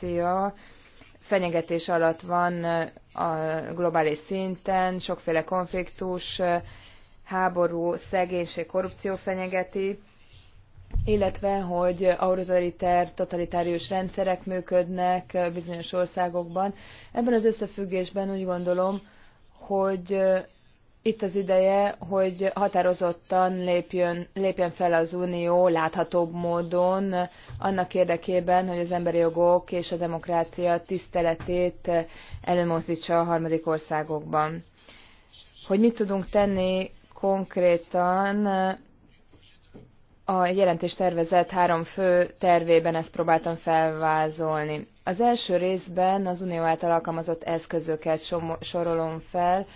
demokrácia fenyegetés alatt van a globális szinten, sokféle konfliktus, háború, szegénység, korrupció fenyegeti, illetve hogy autoritár, totalitárius rendszerek működnek bizonyos országokban. Ebben az összefüggésben úgy gondolom, hogy itt az ideje, hogy határozottan lépjön, lépjen fel az Unió láthatóbb módon annak érdekében, hogy az emberi jogok és a demokrácia tiszteletét előmozdítsa a harmadik országokban. Hogy mit tudunk tenni konkrétan, a jelentés tervezett három fő tervében ezt próbáltam felvázolni. Az első részben az Unió által alkalmazott eszközöket sorolom fel,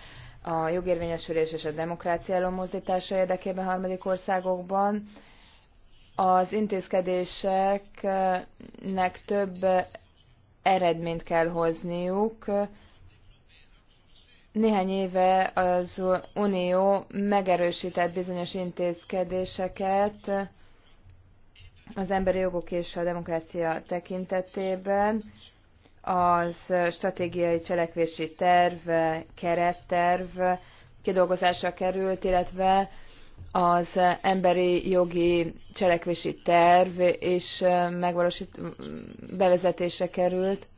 a jogérvényesülés és a demokrácia elomozdítása érdekében harmadik országokban. Az intézkedéseknek több eredményt kell hozniuk. Néhány éve az Unió megerősített bizonyos intézkedéseket az emberi jogok és a demokrácia tekintetében az stratégiai cselekvési terv, keretterv kidolgozásra került, illetve az emberi jogi cselekvési terv és megvalósít, bevezetése került.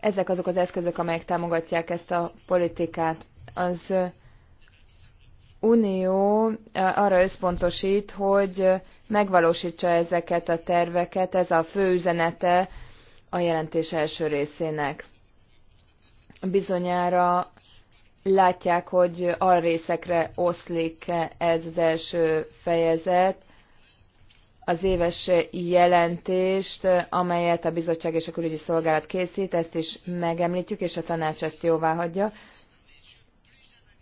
Ezek azok az eszközök, amelyek támogatják ezt a politikát. Az Unió arra összpontosít, hogy megvalósítsa ezeket a terveket, ez a fő üzenete a jelentés első részének. Bizonyára látják, hogy alrészekre oszlik ez az első fejezet, az éves jelentést, amelyet a bizottság és a külügyi szolgálat készít, ezt is megemlítjük, és a tanács ezt jóvá hagyja.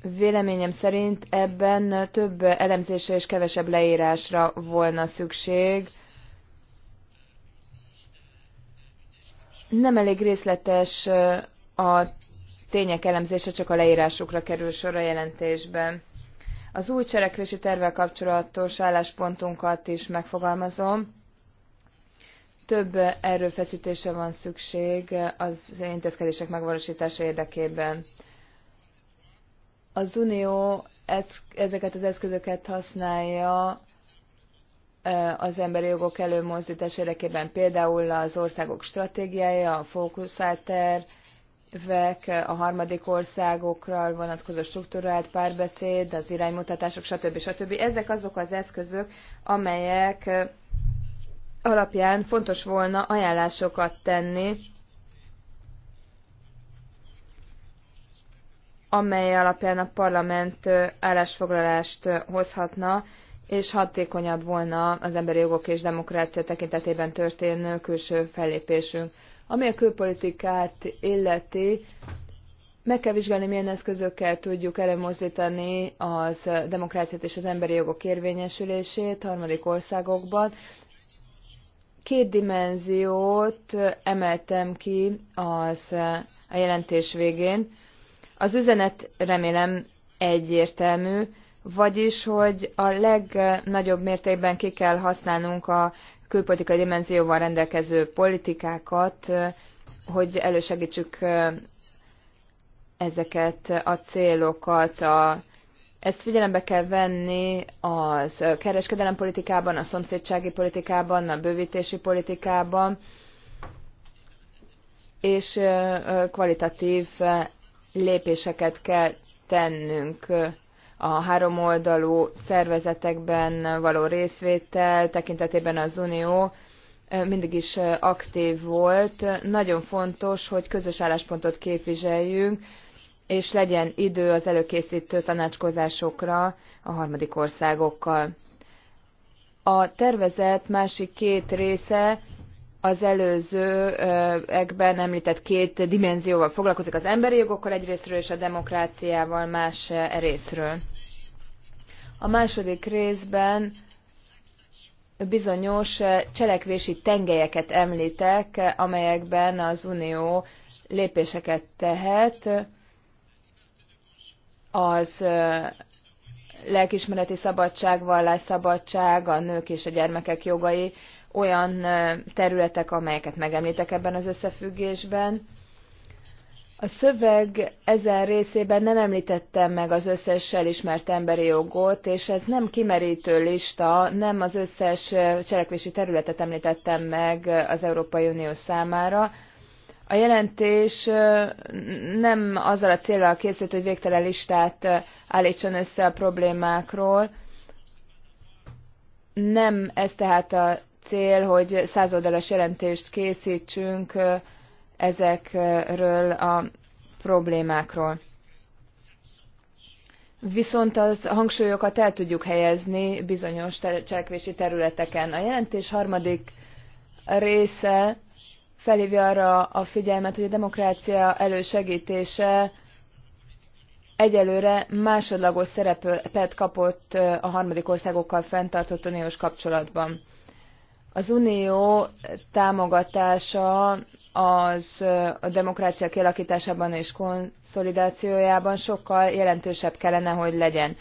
Véleményem szerint ebben több elemzésre és kevesebb leírásra volna szükség, Nem elég részletes a tények elemzése, csak a leírásukra kerül sor a jelentésben. Az új cselekvési tervvel kapcsolatos álláspontunkat is megfogalmazom. Több erőfeszítése van szükség az intézkedések megvalósítása érdekében. Az Unió ezeket az eszközöket használja az emberi jogok előmozdítás érdekében, például az országok stratégiája, a fókuszált tervek, a harmadik országokra vonatkozó struktúrált párbeszéd, az iránymutatások, stb. stb. Ezek azok az eszközök, amelyek alapján fontos volna ajánlásokat tenni, amely alapján a parlament állásfoglalást hozhatna, és hatékonyabb volna az emberi jogok és demokrácia tekintetében történő külső fellépésünk. Ami a külpolitikát illeti, meg kell vizsgálni, milyen eszközökkel tudjuk előmozdítani az demokráciát és az emberi jogok érvényesülését harmadik országokban. Két dimenziót emeltem ki az, a jelentés végén. Az üzenet remélem egyértelmű, vagyis hogy a legnagyobb mértékben ki kell használnunk a külpolitikai dimenzióval rendelkező politikákat, hogy elősegítsük ezeket a célokat. A, ezt figyelembe kell venni az politikában, a szomszédsági politikában, a bővítési politikában, és kvalitatív lépéseket kell tennünk a háromoldalú szervezetekben való részvétel tekintetében az Unió mindig is aktív volt. Nagyon fontos, hogy közös álláspontot képviseljünk, és legyen idő az előkészítő tanácskozásokra a harmadik országokkal. A tervezet másik két része az előző előzőekben említett két dimenzióval foglalkozik, az emberi jogokkal egyrésztről és a demokráciával más részről. A második részben bizonyos cselekvési tengelyeket említek, amelyekben az Unió lépéseket tehet az lelkismereti szabadság, vallásszabadság, a nők és a gyermekek jogai, olyan területek, amelyeket megemlítek ebben az összefüggésben. A szöveg ezen részében nem említettem meg az összes elismert emberi jogot, és ez nem kimerítő lista, nem az összes cselekvési területet említettem meg az Európai Unió számára. A jelentés nem azzal a célral készült, hogy végtelen listát állítson össze a problémákról, nem ez tehát a cél, hogy százoldalas jelentést készítsünk ezekről a problémákról. Viszont az hangsúlyokat el tudjuk helyezni bizonyos cselekvési területeken. A jelentés harmadik része felhívja arra a figyelmet, hogy a demokrácia elősegítése egyelőre másodlagos szerepet kapott a harmadik országokkal fenntartott uniós kapcsolatban. Az unió támogatása az a demokrácia kialakításában és konszolidációjában sokkal jelentősebb kellene, hogy legyen.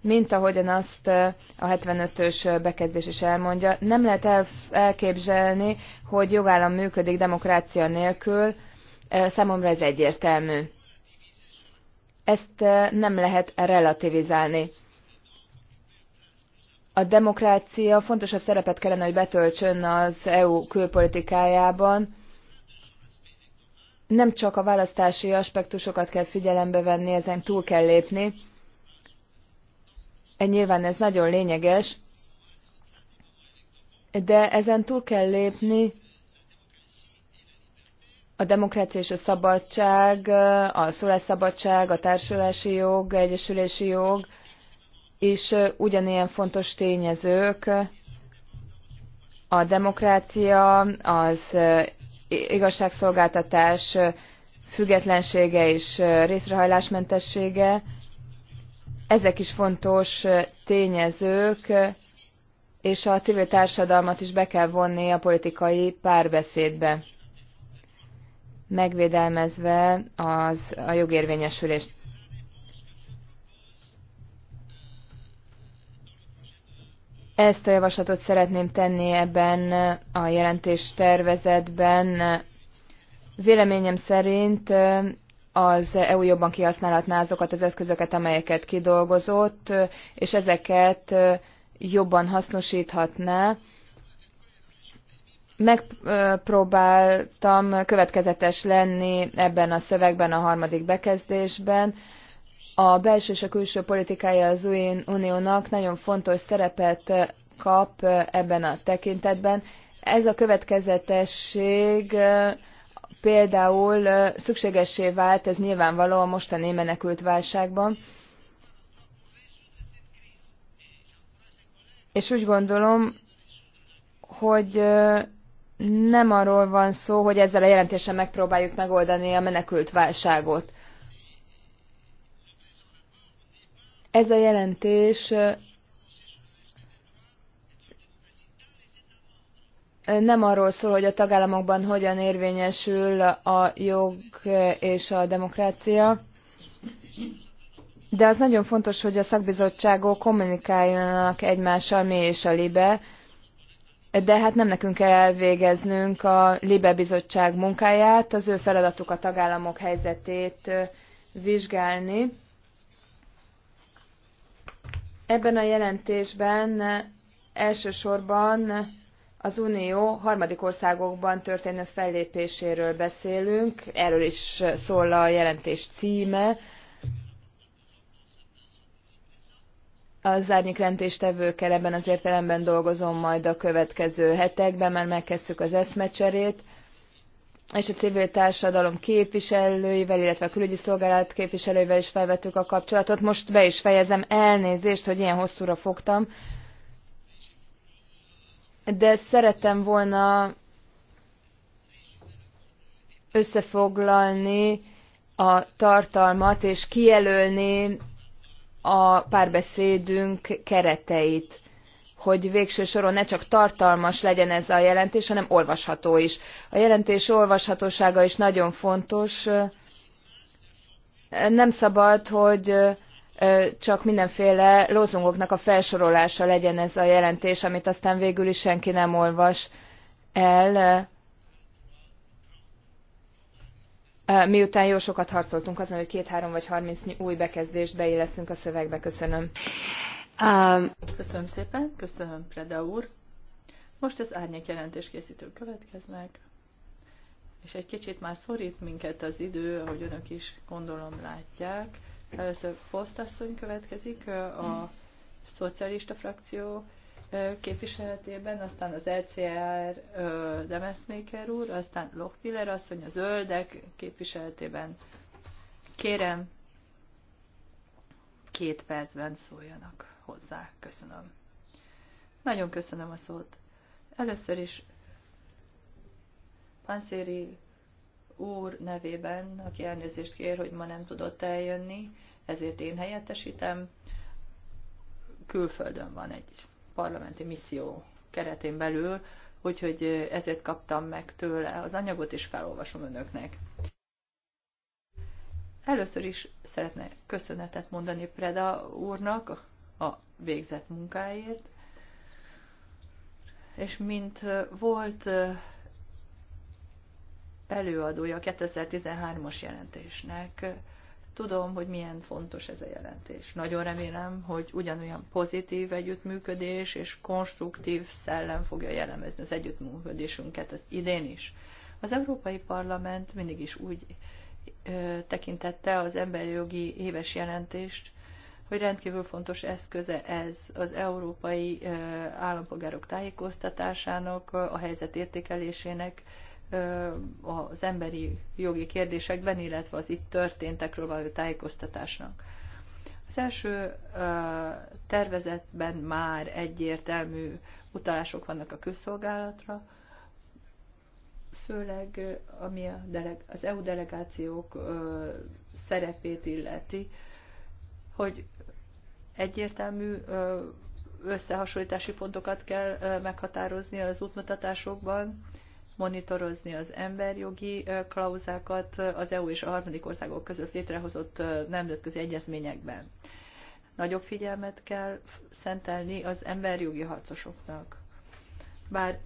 Mint ahogyan azt a 75-ös bekezdés is elmondja, nem lehet elképzelni, hogy jogállam működik demokrácia nélkül, számomra ez egyértelmű. Ezt nem lehet relativizálni a demokrácia fontosabb szerepet kellene, hogy betöltsön az EU külpolitikájában. Nem csak a választási aspektusokat kell figyelembe venni, ezen túl kell lépni. E, nyilván ez nagyon lényeges, de ezen túl kell lépni a demokrácia és a szabadság, a szólásszabadság, a társulási jog, egyesülési jog, és ugyanilyen fontos tényezők a demokrácia, az igazságszolgáltatás függetlensége és részrehajlásmentessége. Ezek is fontos tényezők, és a civil társadalmat is be kell vonni a politikai párbeszédbe, megvédelmezve az, a jogérvényesülést. Ezt a javaslatot szeretném tenni ebben a jelentés tervezetben. Véleményem szerint az EU jobban kihasználhatná azokat az eszközöket, amelyeket kidolgozott, és ezeket jobban hasznosíthatná. Megpróbáltam következetes lenni ebben a szövegben, a harmadik bekezdésben, a belső és a külső politikája az új Uniónak nagyon fontos szerepet kap ebben a tekintetben. Ez a következetesség például szükségessé vált, ez nyilvánvaló a mostani menekült válságban. És úgy gondolom, hogy nem arról van szó, hogy ezzel a jelentéssel megpróbáljuk megoldani a menekült válságot. Ez a jelentés nem arról szól, hogy a tagállamokban hogyan érvényesül a jog és a demokrácia, de az nagyon fontos, hogy a szakbizottságok kommunikáljanak egymással, mi és a LIBE, de hát nem nekünk kell elvégeznünk a LIBE bizottság munkáját, az ő feladatuk a tagállamok helyzetét vizsgálni. Ebben a jelentésben elsősorban az Unió harmadik országokban történő fellépéséről beszélünk, erről is szól a jelentés címe. Az árnyék jelentéstevőkkel ebben az értelemben dolgozom majd a következő hetekben, mert megkezdtük az eszmecserét és a civil társadalom képviselőivel, illetve a külügyi szolgálat képviselőivel is felvettük a kapcsolatot. Most be is fejezem elnézést, hogy ilyen hosszúra fogtam, de szerettem volna összefoglalni a tartalmat és kijelölni a párbeszédünk kereteit hogy végső soron ne csak tartalmas legyen ez a jelentés, hanem olvasható is. A jelentés olvashatósága is nagyon fontos. Nem szabad, hogy csak mindenféle lozungoknak a felsorolása legyen ez a jelentés, amit aztán végül is senki nem olvas el. Miután jó sokat harcoltunk azon, hogy két-három vagy harminc új bekezdést beilleszünk a szövegbe. Köszönöm. Um, köszönöm szépen, köszönöm Preda úr. Most az árnyék jelentés készítő következnek, és egy kicsit már szorít minket az idő, ahogy önök is gondolom látják. Először Fosztasszony következik, a szocialista frakció képviseletében, aztán az ECR Demeszméker úr, aztán Lochpiller asszony a zöldek képviseletében. Kérem, két percben szóljanak hozzá. Köszönöm. Nagyon köszönöm a szót. Először is Pánszéri úr nevében, aki elnézést kér, hogy ma nem tudott eljönni, ezért én helyettesítem. Külföldön van egy parlamenti misszió keretén belül, úgyhogy ezért kaptam meg tőle az anyagot, és felolvasom önöknek. Először is szeretne köszönetet mondani Preda úrnak a végzett munkáért, és mint volt előadója a 2013-as jelentésnek, tudom, hogy milyen fontos ez a jelentés. Nagyon remélem, hogy ugyanolyan pozitív együttműködés és konstruktív szellem fogja jellemezni az együttműködésünket az idén is. Az Európai Parlament mindig is úgy tekintette az emberi jogi éves jelentést, hogy rendkívül fontos eszköze ez az európai állampolgárok tájékoztatásának, a helyzet értékelésének, az emberi jogi kérdésekben, illetve az itt történtekről való tájékoztatásnak. Az első tervezetben már egyértelmű utalások vannak a közszolgálatra, főleg ami a deleg, az EU delegációk szerepét illeti, hogy Egyértelmű összehasonlítási pontokat kell meghatározni az útmutatásokban, monitorozni az emberjogi klauzákat az EU és a harmadik országok között létrehozott nemzetközi egyezményekben. Nagyobb figyelmet kell szentelni az emberjogi harcosoknak. Bár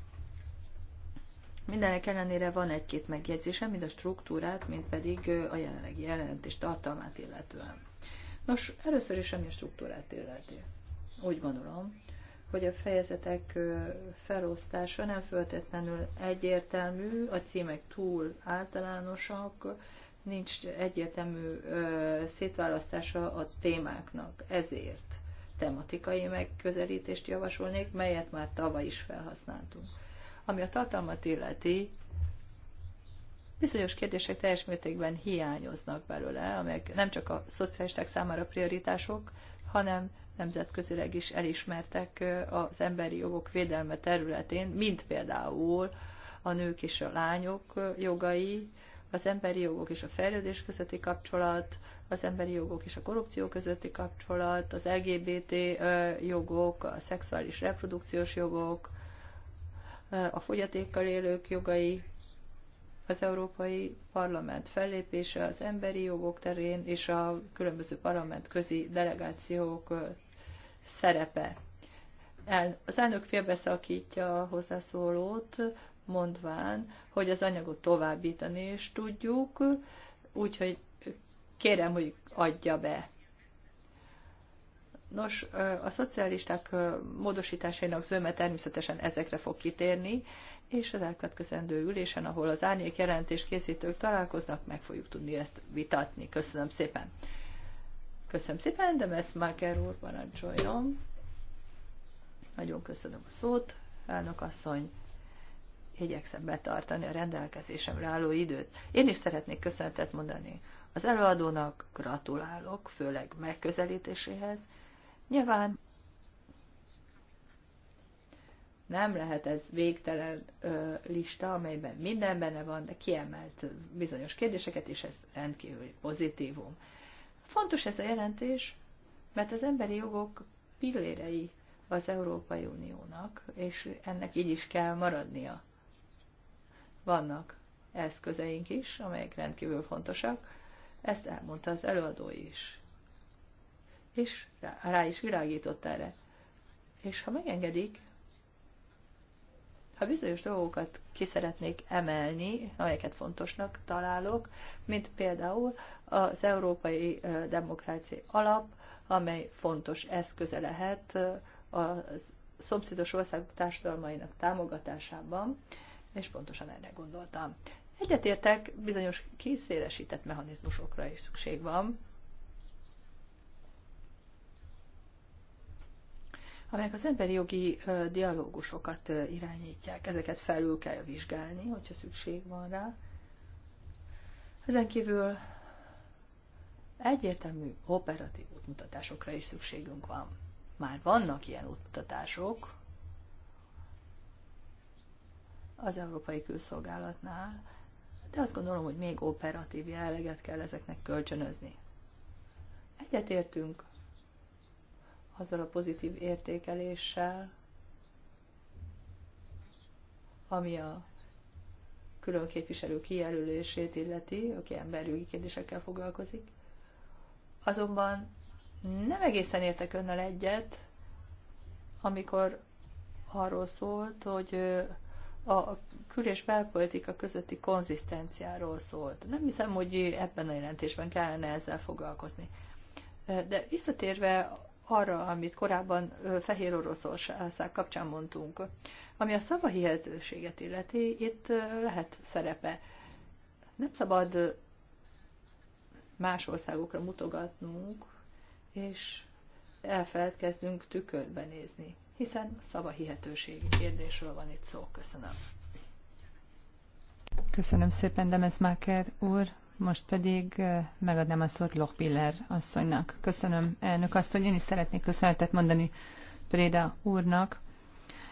mindenek ellenére van egy-két megjegyzésem, mind a struktúrát, mind pedig a jelenlegi jelentés tartalmát illetően. Nos, először is ami a struktúrát illeti. Úgy gondolom, hogy a fejezetek felosztása nem feltétlenül egyértelmű, a címek túl általánosak, nincs egyértelmű szétválasztása a témáknak. Ezért tematikai megközelítést javasolnék, melyet már tavaly is felhasználtunk. Ami a tartalmat illeti, Bizonyos kérdések teljes mértékben hiányoznak belőle, amelyek nem csak a szocialisták számára prioritások, hanem nemzetközileg is elismertek az emberi jogok védelme területén, mint például a nők és a lányok jogai, az emberi jogok és a fejlődés közötti kapcsolat, az emberi jogok és a korrupció közötti kapcsolat, az LGBT jogok, a szexuális reprodukciós jogok, a fogyatékkal élők jogai, az Európai Parlament fellépése az emberi jogok terén és a különböző parlamentközi delegációk szerepe. Az elnök félbeszakítja a hozzászólót, mondván, hogy az anyagot továbbítani is tudjuk, úgyhogy kérem, hogy adja be. Nos, a szocialisták módosításainak zöme természetesen ezekre fog kitérni, és az elkövetkezendő ülésen, ahol az árnyék jelentés készítők találkoznak, meg fogjuk tudni ezt vitatni. Köszönöm szépen. Köszönöm szépen, de Messmaker úr, parancsoljon. Nagyon köszönöm a szót, elnök asszony. Igyekszem betartani a rendelkezésemre álló időt. Én is szeretnék köszönetet mondani. Az előadónak gratulálok, főleg megközelítéséhez. Nyilván nem lehet ez végtelen ö, lista, amelyben minden benne van, de kiemelt bizonyos kérdéseket, és ez rendkívül pozitívum. Fontos ez a jelentés, mert az emberi jogok pillérei az Európai Uniónak, és ennek így is kell maradnia. Vannak eszközeink is, amelyek rendkívül fontosak, ezt elmondta az előadó is. És rá, rá is világított erre. És ha megengedik, ha bizonyos dolgokat ki szeretnék emelni, amelyeket fontosnak találok, mint például az Európai Demokrácia Alap, amely fontos eszköze lehet a szomszédos országok társadalmainak támogatásában, és pontosan erre gondoltam. Egyetértek, bizonyos kiszélesített mechanizmusokra is szükség van, amelyek az emberi jogi dialógusokat irányítják. Ezeket felül kell vizsgálni, hogyha szükség van rá. Ezen kívül egyértelmű operatív útmutatásokra is szükségünk van. Már vannak ilyen útmutatások az Európai Külszolgálatnál, de azt gondolom, hogy még operatív jelleget kell ezeknek kölcsönözni. Egyetértünk azzal a pozitív értékeléssel, ami a külön képviselő kijelölését illeti, aki emberjogi kérdésekkel foglalkozik. Azonban nem egészen értek önnel egyet, amikor arról szólt, hogy a kül- és belpolitika közötti konzisztenciáról szólt. Nem hiszem, hogy ebben a jelentésben kellene ezzel foglalkozni. De visszatérve arra, amit korábban Fehér Oroszország kapcsán mondtunk. Ami a hihetőséget illeti, itt lehet szerepe. Nem szabad más országokra mutogatnunk, és elfeledkeznünk tükörbe nézni, hiszen szavahihetőségi kérdésről van itt szó. Köszönöm. Köszönöm szépen, Máker úr. Most pedig megadnám a szót Lochbiller asszonynak. Köszönöm, elnök asszony. Én is szeretnék köszönetet mondani Préda úrnak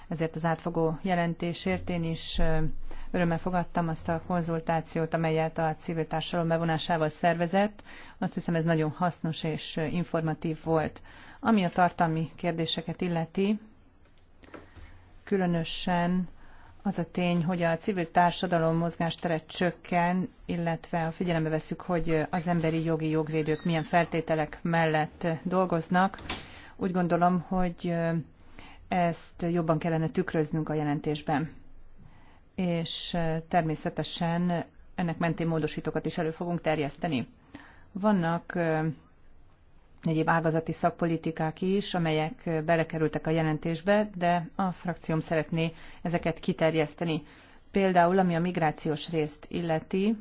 ezért az átfogó jelentésért. Én is örömmel fogadtam azt a konzultációt, amelyet a civil társadalom bevonásával szervezett. Azt hiszem ez nagyon hasznos és informatív volt. Ami a tartalmi kérdéseket illeti, különösen az a tény, hogy a civil társadalom mozgástere csökken, illetve a figyelembe veszük, hogy az emberi jogi jogvédők milyen feltételek mellett dolgoznak, úgy gondolom, hogy ezt jobban kellene tükröznünk a jelentésben. És természetesen ennek mentén módosítókat is elő fogunk terjeszteni. Vannak egyéb ágazati szakpolitikák is, amelyek belekerültek a jelentésbe, de a frakcióm szeretné ezeket kiterjeszteni. Például, ami a migrációs részt illeti,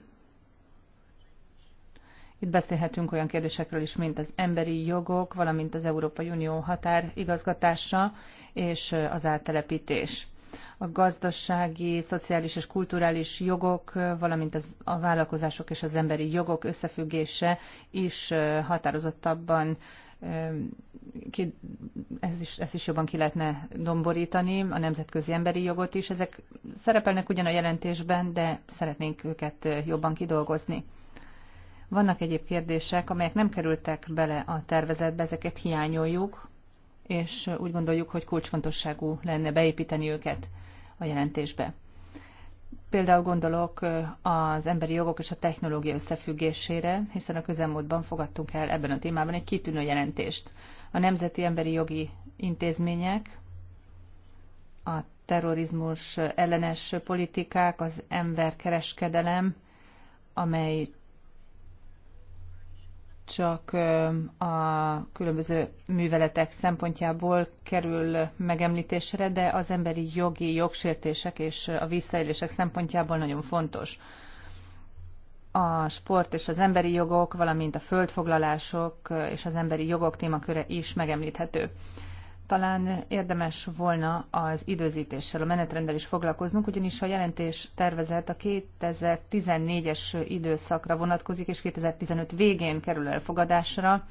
itt beszélhetünk olyan kérdésekről is, mint az emberi jogok, valamint az Európai Unió határigazgatása és az áttelepítés a gazdasági, szociális és kulturális jogok, valamint az, a vállalkozások és az emberi jogok összefüggése is határozottabban ki, ez, is, ez is jobban ki lehetne domborítani, a nemzetközi emberi jogot is. Ezek szerepelnek ugyan a jelentésben, de szeretnénk őket jobban kidolgozni. Vannak egyéb kérdések, amelyek nem kerültek bele a tervezetbe, ezeket hiányoljuk, és úgy gondoljuk, hogy kulcsfontosságú lenne beépíteni őket a jelentésbe. Például gondolok az emberi jogok és a technológia összefüggésére, hiszen a közelmúltban fogadtunk el ebben a témában egy kitűnő jelentést. A Nemzeti Emberi Jogi Intézmények, a terrorizmus ellenes politikák, az emberkereskedelem, amely csak a különböző műveletek szempontjából kerül megemlítésre, de az emberi jogi jogsértések és a visszaélések szempontjából nagyon fontos. A sport és az emberi jogok, valamint a földfoglalások és az emberi jogok témaköre is megemlíthető talán érdemes volna az időzítéssel, a menetrenddel is foglalkoznunk, ugyanis a jelentés tervezet a 2014-es időszakra vonatkozik, és 2015 végén kerül elfogadásra.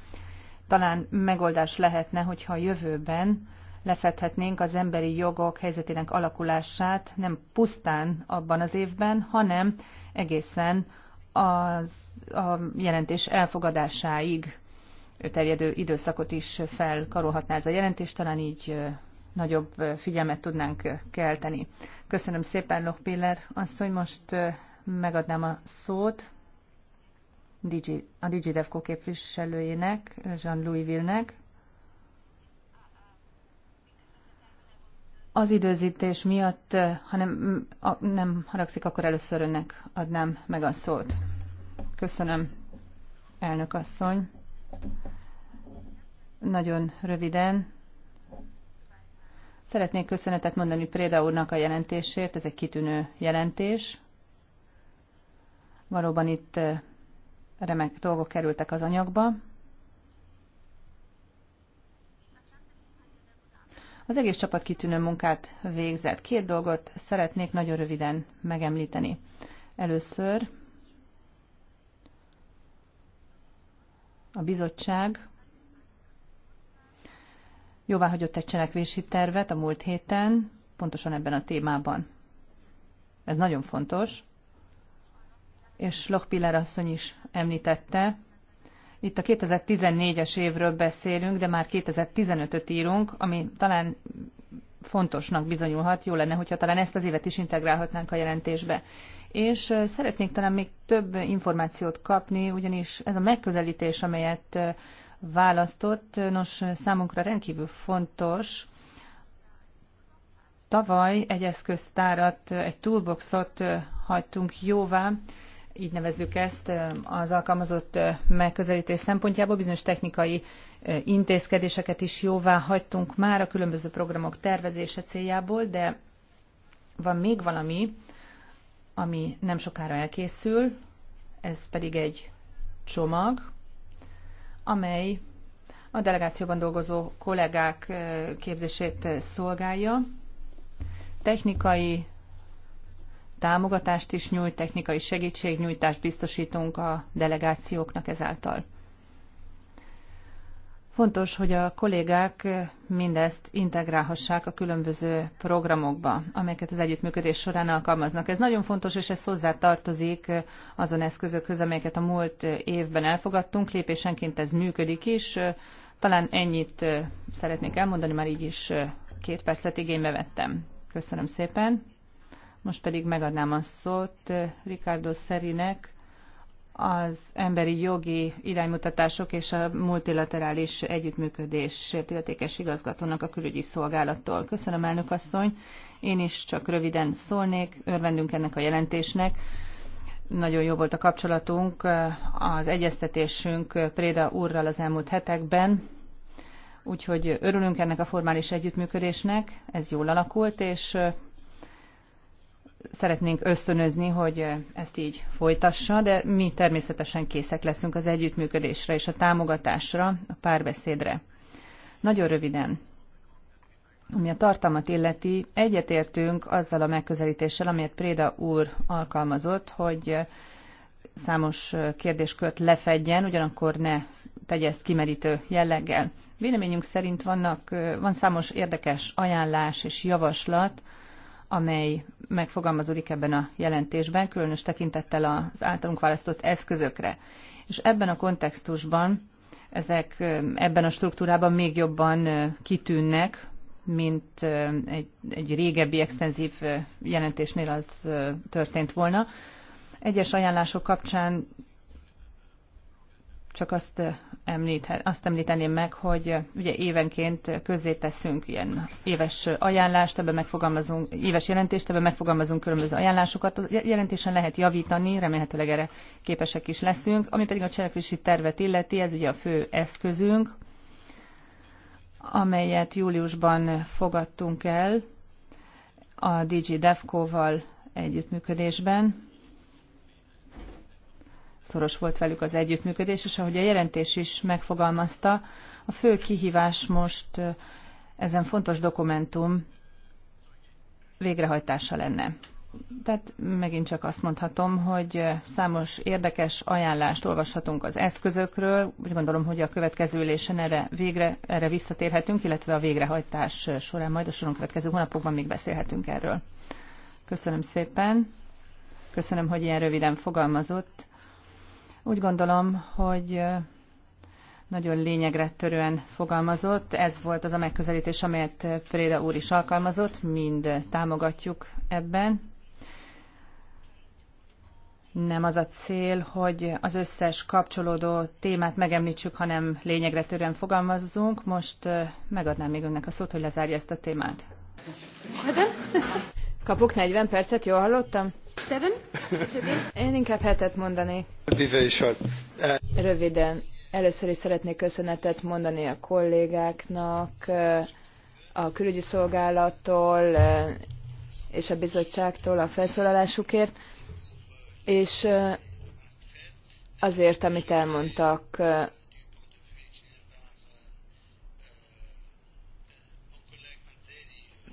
Talán megoldás lehetne, hogyha a jövőben lefedhetnénk az emberi jogok helyzetének alakulását nem pusztán abban az évben, hanem egészen az, a jelentés elfogadásáig terjedő időszakot is felkarolhatná ez a jelentés, talán így nagyobb figyelmet tudnánk kelteni. Köszönöm szépen, Lochpiller asszony, most megadnám a szót a DigiDevco képviselőjének, Jean-Louis Villnek. Az időzítés miatt, ha nem, nem haragszik, akkor először önnek adnám meg a szót. Köszönöm, elnök asszony. Nagyon röviden. Szeretnék köszönetet mondani Préda úrnak a jelentésért, ez egy kitűnő jelentés. Valóban itt eh, remek dolgok kerültek az anyagba. Az egész csapat kitűnő munkát végzett. Két dolgot szeretnék nagyon röviden megemlíteni. Először a bizottság jóváhagyott egy cselekvési tervet a múlt héten, pontosan ebben a témában. Ez nagyon fontos, és Loch Piller asszony is említette, itt a 2014-es évről beszélünk, de már 2015-öt írunk, ami talán fontosnak bizonyulhat. Jó lenne, hogyha talán ezt az évet is integrálhatnánk a jelentésbe. És szeretnék talán még több információt kapni, ugyanis ez a megközelítés, amelyet választott. Nos, számunkra rendkívül fontos, tavaly egy eszköztárat, egy toolboxot hagytunk jóvá, így nevezzük ezt az alkalmazott megközelítés szempontjából. Bizonyos technikai intézkedéseket is jóvá hagytunk már a különböző programok tervezése céljából, de van még valami, ami nem sokára elkészül, ez pedig egy csomag, amely a delegációban dolgozó kollégák képzését szolgálja. Technikai támogatást is nyújt, technikai segítségnyújtást biztosítunk a delegációknak ezáltal. Fontos, hogy a kollégák mindezt integrálhassák a különböző programokba, amelyeket az együttműködés során alkalmaznak. Ez nagyon fontos, és ez tartozik azon eszközökhöz, amelyeket a múlt évben elfogadtunk. Lépésenként ez működik is. Talán ennyit szeretnék elmondani, már így is két percet igénybe vettem. Köszönöm szépen. Most pedig megadnám a szót Ricardo Szerinek, az emberi jogi iránymutatások és a multilaterális együttműködés illetékes igazgatónak a külügyi szolgálattól. Köszönöm, elnök asszony. Én is csak röviden szólnék, örvendünk ennek a jelentésnek. Nagyon jó volt a kapcsolatunk, eh, az egyeztetésünk Préda úrral az elmúlt hetekben, úgyhogy örülünk ennek a formális együttműködésnek, ez jól alakult, és eh, szeretnénk ösztönözni, hogy ezt így folytassa, de mi természetesen készek leszünk az együttműködésre és a támogatásra, a párbeszédre. Nagyon röviden, ami a tartalmat illeti, egyetértünk azzal a megközelítéssel, amelyet Préda úr alkalmazott, hogy számos kérdéskört lefedjen, ugyanakkor ne tegye ezt kimerítő jelleggel. Véleményünk szerint vannak, van számos érdekes ajánlás és javaslat, amely megfogalmazódik ebben a jelentésben, különös tekintettel az általunk választott eszközökre. És ebben a kontextusban ezek ebben a struktúrában még jobban kitűnnek, mint egy, egy régebbi extenzív jelentésnél az történt volna. Egyes ajánlások kapcsán csak azt, eh, említhet, azt említeném meg, hogy eh, ugye évenként teszünk ilyen éves ajánlást, ebben megfogalmazunk, éves jelentést, ebben megfogalmazunk különböző ajánlásokat. A jelentésen lehet javítani, remélhetőleg erre képesek is leszünk. Ami pedig a cselekvési tervet illeti, ez ugye a fő eszközünk, amelyet júliusban fogadtunk el a DG DEFCO-val együttműködésben szoros volt velük az együttműködés, és ahogy a jelentés is megfogalmazta, a fő kihívás most ezen fontos dokumentum végrehajtása lenne. Tehát megint csak azt mondhatom, hogy számos érdekes ajánlást olvashatunk az eszközökről. Úgy gondolom, hogy a következő ülésen erre, végre, erre visszatérhetünk, illetve a végrehajtás során majd a soron következő hónapokban még beszélhetünk erről. Köszönöm szépen. Köszönöm, hogy ilyen röviden fogalmazott úgy gondolom, hogy nagyon lényegre törően fogalmazott. Ez volt az a megközelítés, amelyet Fréda úr is alkalmazott, mind támogatjuk ebben. Nem az a cél, hogy az összes kapcsolódó témát megemlítsük, hanem lényegre törően fogalmazzunk. Most megadnám még önnek a szót, hogy lezárja ezt a témát. Kapok 40 percet, jól hallottam? Seven? Én inkább hetet mondanék. Röviden. Először is szeretnék köszönetet mondani a kollégáknak, eh, a külügyi szolgálattól eh, és a bizottságtól a felszólalásukért, és eh, azért, amit elmondtak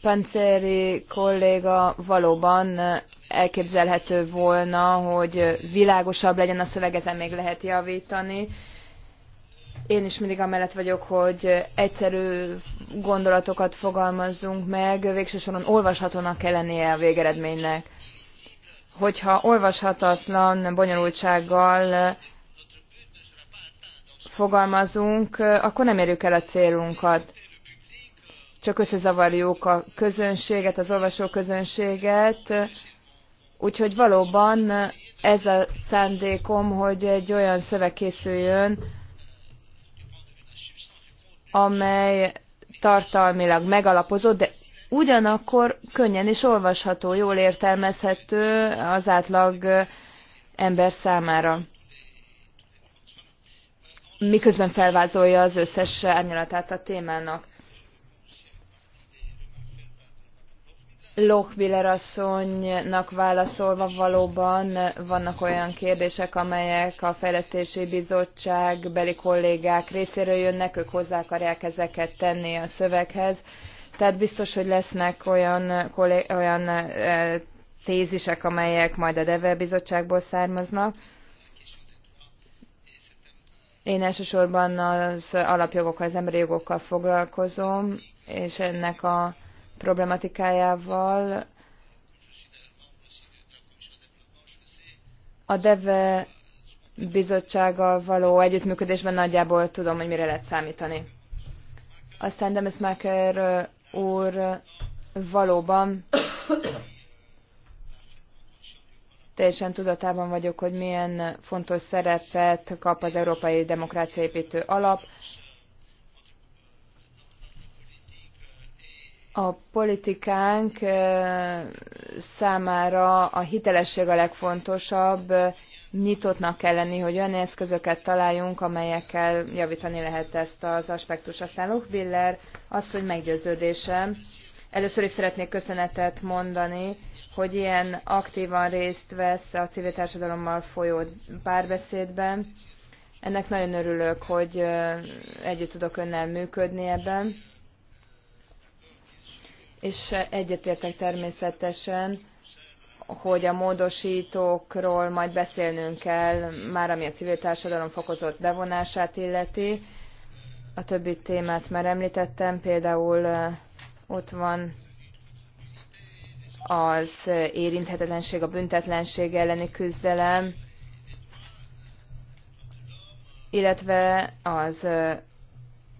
Pancéri kolléga valóban elképzelhető volna, hogy világosabb legyen a szöveg, ezen még lehet javítani. Én is mindig amellett vagyok, hogy egyszerű gondolatokat fogalmazzunk meg, végső soron olvashatónak kell lennie a végeredménynek. Hogyha olvashatatlan bonyolultsággal fogalmazunk, akkor nem érjük el a célunkat csak összezavarjuk a közönséget, az olvasó közönséget. Úgyhogy valóban ez a szándékom, hogy egy olyan szöveg készüljön, amely tartalmilag megalapozott, de ugyanakkor könnyen is olvasható, jól értelmezhető az átlag ember számára. Miközben felvázolja az összes árnyalatát a témának. Lochbiller asszonynak válaszolva valóban vannak olyan kérdések, amelyek a Fejlesztési Bizottság beli kollégák részéről jönnek, ők hozzá akarják ezeket tenni a szöveghez. Tehát biztos, hogy lesznek olyan, olyan e, tézisek, amelyek majd a DEVE bizottságból származnak. Én elsősorban az alapjogokkal, az emberi jogokkal foglalkozom, és ennek a problematikájával. A DEVE bizottsággal való együttműködésben nagyjából tudom, hogy mire lehet számítani. Aztán Demesmaker úr valóban teljesen tudatában vagyok, hogy milyen fontos szerepet kap az Európai Építő Alap, a politikánk számára a hitelesség a legfontosabb, nyitottnak kell lenni, hogy olyan eszközöket találjunk, amelyekkel javítani lehet ezt az aspektus. Aztán Lochbiller az hogy meggyőződésem. Először is szeretnék köszönetet mondani, hogy ilyen aktívan részt vesz a civil társadalommal folyó párbeszédben. Ennek nagyon örülök, hogy együtt tudok önnel működni ebben és egyetértek természetesen, hogy a módosítókról majd beszélnünk kell, már ami a civil társadalom fokozott bevonását illeti. A többi témát már említettem, például ott van az érinthetetlenség, a büntetlenség elleni küzdelem, illetve az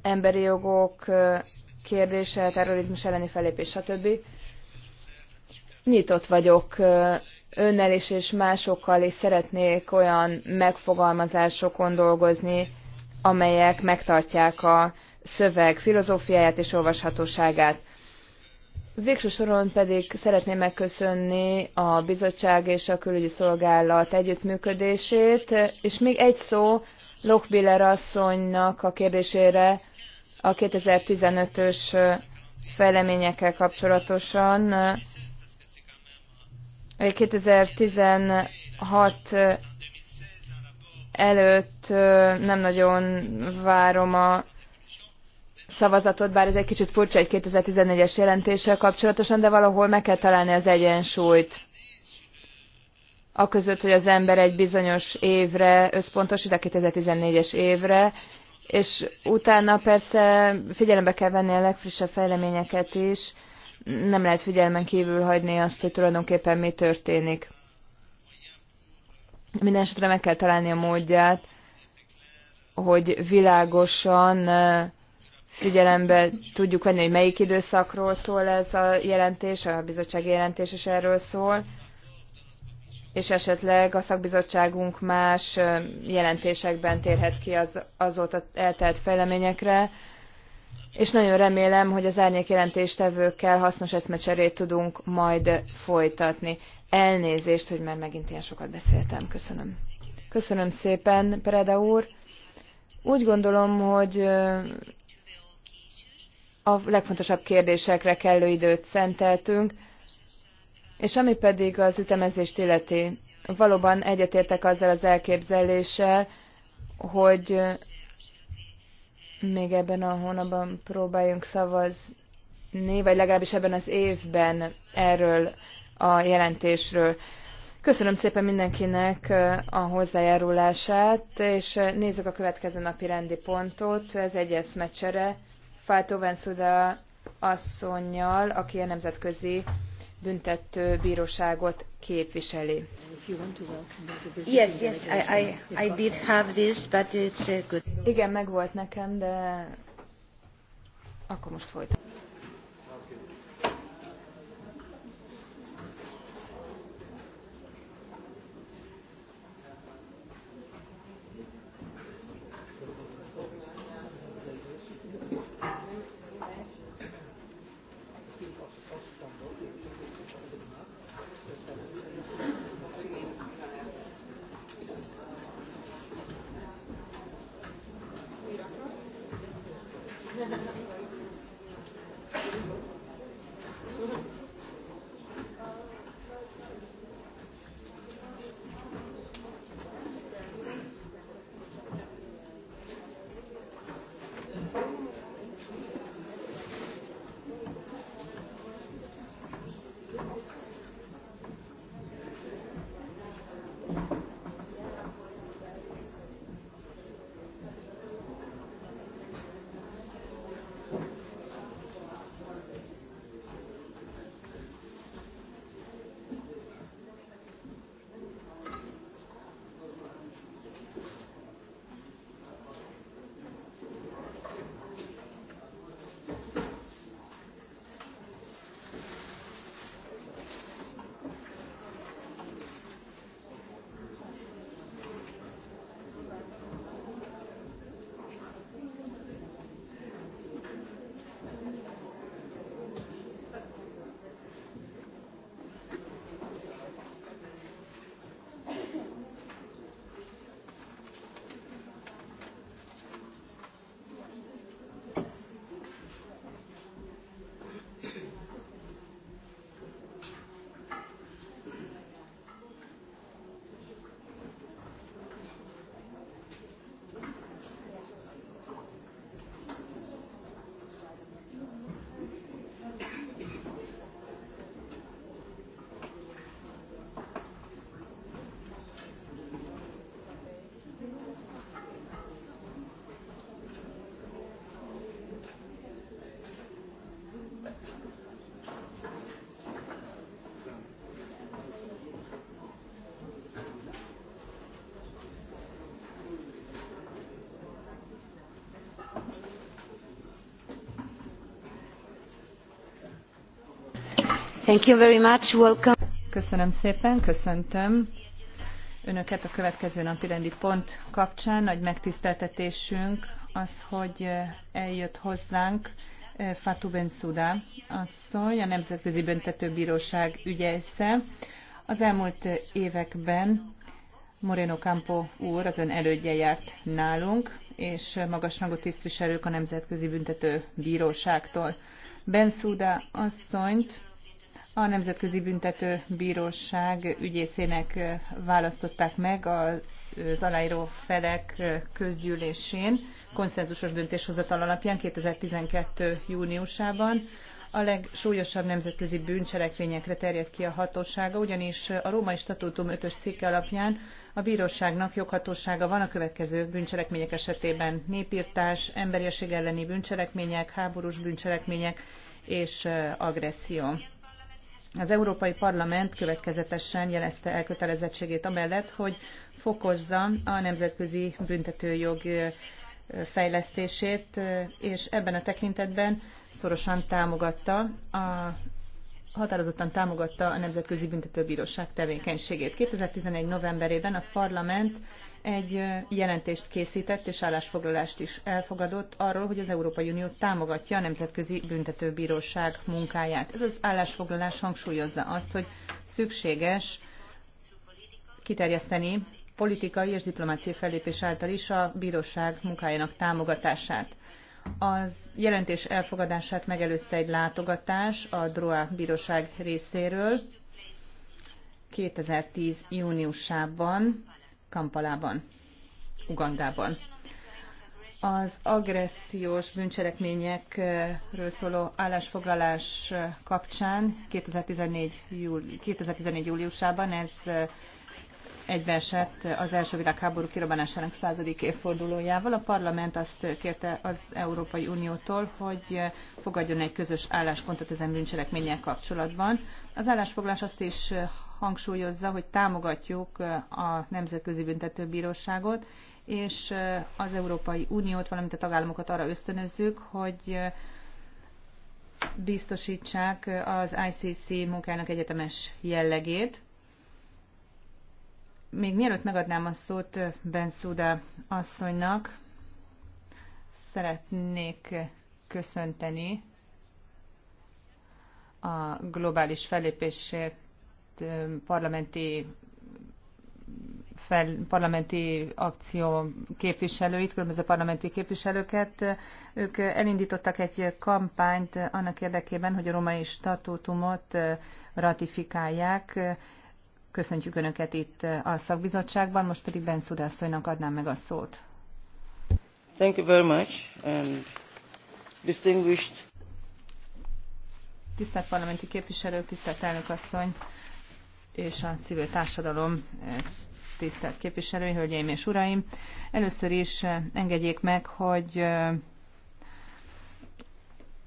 emberi jogok kérdése, terrorizmus elleni felépés, stb. Nyitott vagyok önnel is és másokkal, és szeretnék olyan megfogalmazásokon dolgozni, amelyek megtartják a szöveg filozófiáját és olvashatóságát. Végső soron pedig szeretném megköszönni a bizottság és a külügyi szolgálat együttműködését, és még egy szó Lokbiller asszonynak a kérdésére a 2015-ös fejleményekkel kapcsolatosan. 2016 előtt nem nagyon várom a szavazatot, bár ez egy kicsit furcsa egy 2014-es jelentéssel kapcsolatosan, de valahol meg kell találni az egyensúlyt. Aközött, hogy az ember egy bizonyos évre összpontosít, a 2014-es évre, és utána persze figyelembe kell venni a legfrissebb fejleményeket is, nem lehet figyelmen kívül hagyni azt, hogy tulajdonképpen mi történik. Minden esetre meg kell találni a módját, hogy világosan figyelembe tudjuk venni, hogy melyik időszakról szól ez a jelentés, a bizottsági jelentés is erről szól, és esetleg a szakbizottságunk más jelentésekben térhet ki az, azóta eltelt fejleményekre, és nagyon remélem, hogy az árnyék jelentéstevőkkel hasznos eszmecserét tudunk majd folytatni. Elnézést, hogy már megint ilyen sokat beszéltem. Köszönöm. Köszönöm szépen, Preda úr. Úgy gondolom, hogy a legfontosabb kérdésekre kellő időt szenteltünk. És ami pedig az ütemezést illeti, valóban egyetértek azzal az elképzeléssel, hogy még ebben a hónapban próbáljunk szavazni, vagy legalábbis ebben az évben erről a jelentésről. Köszönöm szépen mindenkinek a hozzájárulását, és nézzük a következő napi rendi pontot. Ez egy eszmecsere Fátóven Szuda asszonynal, aki a nemzetközi büntető bíróságot képviseli. Yes, yes, I, I, I did have this, but it's uh, good. Igen, megvolt nekem, de akkor most folytatom. Thank you very much. Welcome. Köszönöm szépen, köszöntöm Önöket a következő napi rendi pont kapcsán. Nagy megtiszteltetésünk az, hogy eljött hozzánk eh, Fatou Bensouda asszony, a Nemzetközi Büntetőbíróság ügyesze. Az elmúlt években Moreno Campo úr az ön elődje járt nálunk, és magasrangú tisztviselők a Nemzetközi Büntetőbíróságtól. Bíróságtól. Suda asszonyt a Nemzetközi Büntető Bíróság ügyészének választották meg az aláíró felek közgyűlésén, konszenzusos döntéshozatal alapján 2012. júniusában. A legsúlyosabb nemzetközi bűncselekvényekre terjed ki a hatósága, ugyanis a római statútum 5-ös cikke alapján a bíróságnak joghatósága van a következő bűncselekmények esetében. Népírtás, emberiesség elleni bűncselekmények, háborús bűncselekmények és agresszió. Az Európai Parlament következetesen jelezte elkötelezettségét amellett, hogy fokozza a nemzetközi büntetőjog fejlesztését, és ebben a tekintetben szorosan támogatta a határozottan támogatta a Nemzetközi Büntetőbíróság tevékenységét. 2011. novemberében a parlament egy jelentést készített és állásfoglalást is elfogadott arról, hogy az Európai Unió támogatja a Nemzetközi Büntetőbíróság munkáját. Ez az állásfoglalás hangsúlyozza azt, hogy szükséges kiterjeszteni politikai és diplomáciai fellépés által is a bíróság munkájának támogatását. Az jelentés elfogadását megelőzte egy látogatás a DROA bíróság részéről 2010. júniusában Kampalában, Ugandában. Az agressziós bűncselekményekről szóló állásfoglalás kapcsán 2014, júli, 2014 júliusában ez egybeesett az első világháború kirobbanásának századik évfordulójával. A parlament azt kérte az Európai Uniótól, hogy fogadjon egy közös álláspontot ezen bűncselekménnyel kapcsolatban. Az állásfoglás azt is hangsúlyozza, hogy támogatjuk a Nemzetközi Büntetőbíróságot, és az Európai Uniót, valamint a tagállamokat arra ösztönözzük, hogy biztosítsák az ICC munkának egyetemes jellegét, még mielőtt megadnám a szót Benszuda asszonynak, szeretnék köszönteni a globális fellépésért parlamenti fel, parlamenti akció képviselőit, különböző parlamenti képviselőket. Ők elindítottak egy kampányt annak érdekében, hogy a romai statútumot ratifikálják, Köszöntjük Önöket itt a szakbizottságban, most pedig Ben asszonynak adnám meg a szót. Thank you very much and distinguished. Tisztelt parlamenti képviselők, tisztelt elnökasszony asszony és a civil társadalom tisztelt képviselői, hölgyeim és uraim. Először is eh, engedjék meg, hogy eh,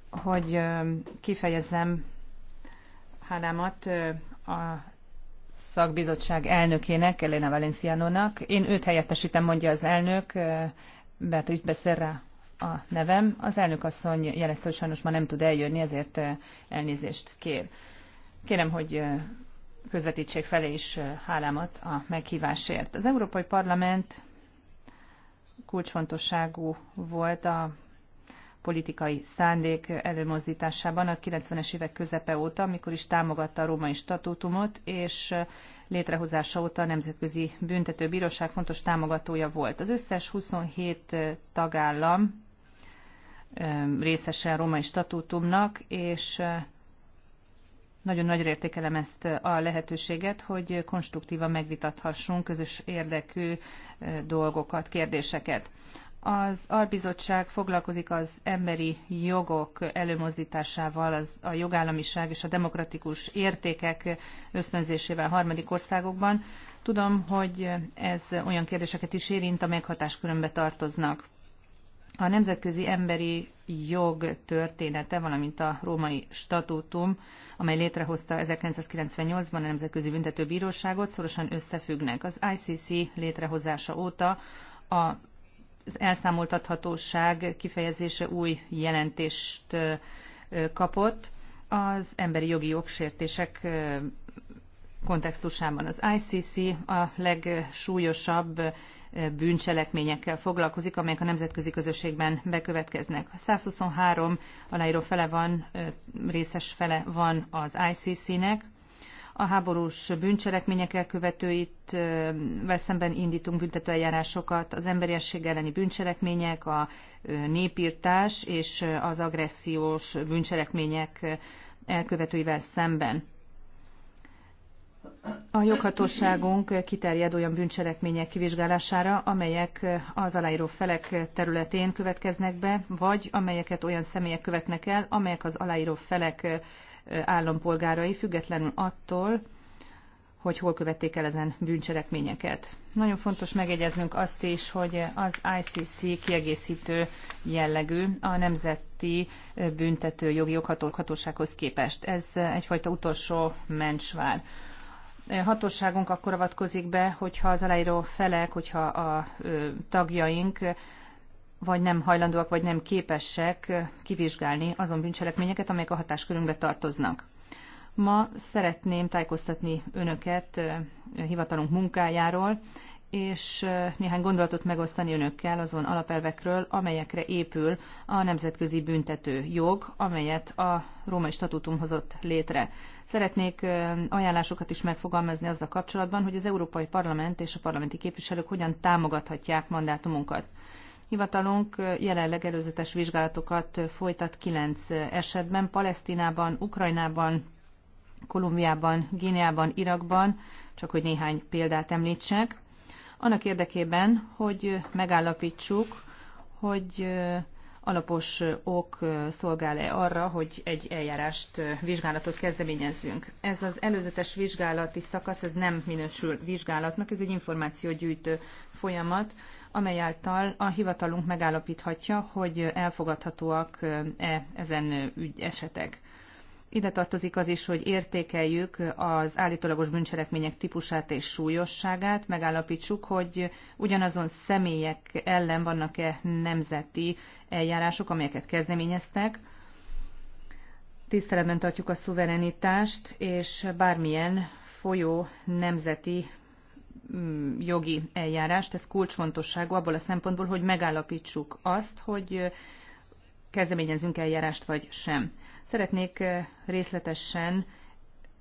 hogy eh, kifejezzem hálámat a szakbizottság elnökének, Elena Valencianónak. Én őt helyettesítem, mondja az elnök, Beatriz Becerra a nevem. Az elnök asszony jelezte, hogy sajnos ma nem tud eljönni, ezért elnézést kér. Kérem, hogy közvetítsék felé is hálámat a meghívásért. Az Európai Parlament kulcsfontosságú volt a politikai szándék előmozdításában a 90-es évek közepe óta, amikor is támogatta a római statútumot, és létrehozása óta a Nemzetközi Büntetőbíróság fontos támogatója volt. Az összes 27 tagállam részese a római statútumnak, és nagyon nagyra értékelem ezt a lehetőséget, hogy konstruktívan megvitathassunk közös érdekű dolgokat, kérdéseket. Az albizottság foglalkozik az emberi jogok előmozdításával, az a jogállamiság és a demokratikus értékek ösztönzésével harmadik országokban. Tudom, hogy ez olyan kérdéseket is érint, amelyek hatáskörömbe tartoznak. A nemzetközi emberi jog története, valamint a római statútum, amely létrehozta 1998-ban a Nemzetközi Büntetőbíróságot, szorosan összefüggnek. Az ICC létrehozása óta a az elszámoltathatóság kifejezése új jelentést kapott az emberi jogi jogsértések kontextusában. Az ICC a legsúlyosabb bűncselekményekkel foglalkozik, amelyek a nemzetközi közösségben bekövetkeznek. 123 aláíró fele van, részes fele van az ICC-nek, a háborús bűncselekmények elkövetőit szemben indítunk büntetőeljárásokat, az emberiesség elleni bűncselekmények, a népírtás és az agressziós bűncselekmények elkövetőivel szemben. A joghatóságunk kiterjed olyan bűncselekmények kivizsgálására, amelyek az aláíró felek területén következnek be, vagy amelyeket olyan személyek követnek el, amelyek az aláíró felek állampolgárai, függetlenül attól, hogy hol követték el ezen bűncselekményeket. Nagyon fontos megjegyeznünk azt is, hogy az ICC kiegészítő jellegű a nemzeti büntető jogi hatósághoz képest. Ez egyfajta utolsó mencsvár hatóságunk akkor avatkozik be, hogyha az aláíró felek, hogyha a tagjaink vagy nem hajlandóak, vagy nem képesek kivizsgálni azon bűncselekményeket, amelyek a hatáskörünkbe tartoznak. Ma szeretném tájékoztatni önöket hivatalunk munkájáról, és néhány gondolatot megosztani önökkel azon alapelvekről, amelyekre épül a nemzetközi büntető jog, amelyet a római statútum hozott létre. Szeretnék ajánlásokat is megfogalmazni azzal kapcsolatban, hogy az Európai Parlament és a parlamenti képviselők hogyan támogathatják mandátumunkat. Hivatalunk jelenleg előzetes vizsgálatokat folytat kilenc esetben, Palesztinában, Ukrajnában, Kolumbiában, Gíneában, Irakban, csak hogy néhány példát említsek, annak érdekében, hogy megállapítsuk, hogy alapos ok szolgál-e arra, hogy egy eljárást, vizsgálatot kezdeményezzünk. Ez az előzetes vizsgálati szakasz, ez nem minősül vizsgálatnak, ez egy információgyűjtő folyamat, amely által a hivatalunk megállapíthatja, hogy elfogadhatóak-e ezen ügy esetek. Ide tartozik az is, hogy értékeljük az állítólagos bűncselekmények típusát és súlyosságát, megállapítsuk, hogy ugyanazon személyek ellen vannak-e nemzeti eljárások, amelyeket kezdeményeztek. Tiszteletben tartjuk a szuverenitást, és bármilyen folyó nemzeti mm, jogi eljárást, ez kulcsfontosságú abból a szempontból, hogy megállapítsuk azt, hogy kezdeményezünk eljárást vagy sem. Szeretnék eh, részletesen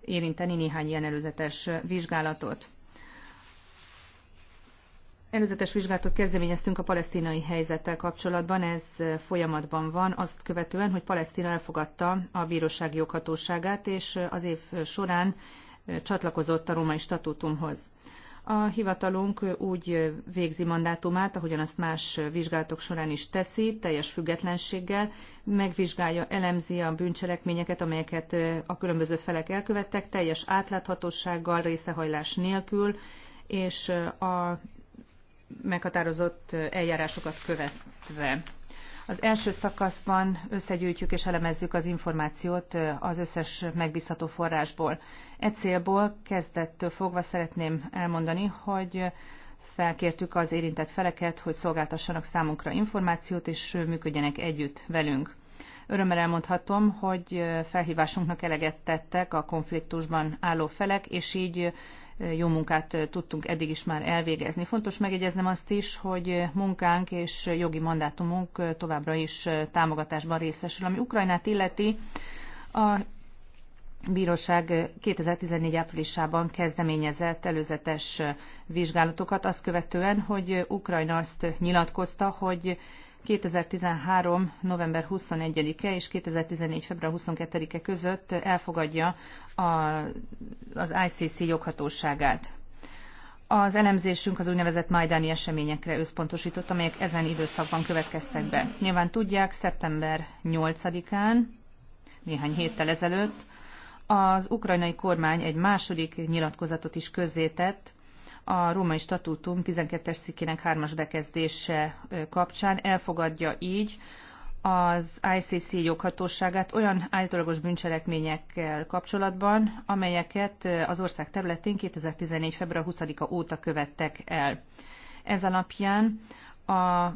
érinteni néhány ilyen előzetes eh, vizsgálatot. Előzetes vizsgálatot kezdeményeztünk a palesztinai helyzettel kapcsolatban, ez eh, folyamatban van, azt követően, hogy Palesztina elfogadta a bírósági joghatóságát, és az év során csatlakozott a római statútumhoz. A hivatalunk úgy végzi mandátumát, ahogyan azt más vizsgálatok során is teszi, teljes függetlenséggel, megvizsgálja, elemzi a bűncselekményeket, amelyeket a különböző felek elkövettek, teljes átláthatósággal, részehajlás nélkül, és a meghatározott eljárásokat követve. Az első szakaszban összegyűjtjük és elemezzük az információt az összes megbízható forrásból. E célból kezdettől fogva szeretném elmondani, hogy felkértük az érintett feleket, hogy szolgáltassanak számunkra információt és működjenek együtt velünk. Örömmel elmondhatom, hogy felhívásunknak eleget tettek a konfliktusban álló felek, és így jó munkát tudtunk eddig is már elvégezni. Fontos megjegyeznem azt is, hogy munkánk és jogi mandátumunk továbbra is támogatásban részesül. Ami Ukrajnát illeti, a bíróság 2014 áprilisában kezdeményezett előzetes vizsgálatokat, azt követően, hogy Ukrajna azt nyilatkozta, hogy 2013. november 21-e és 2014. február 22-e között elfogadja a, az ICC joghatóságát. Az elemzésünk az úgynevezett majdáni eseményekre összpontosított, amelyek ezen időszakban következtek be. Nyilván tudják, szeptember 8-án, néhány héttel ezelőtt, az ukrajnai kormány egy második nyilatkozatot is közzétett, a római statútum 12-es cikkének 3-as bekezdése kapcsán elfogadja így az ICC joghatóságát olyan állítólagos bűncselekményekkel kapcsolatban, amelyeket az ország területén 2014. február 20-a óta követtek el. Ez alapján a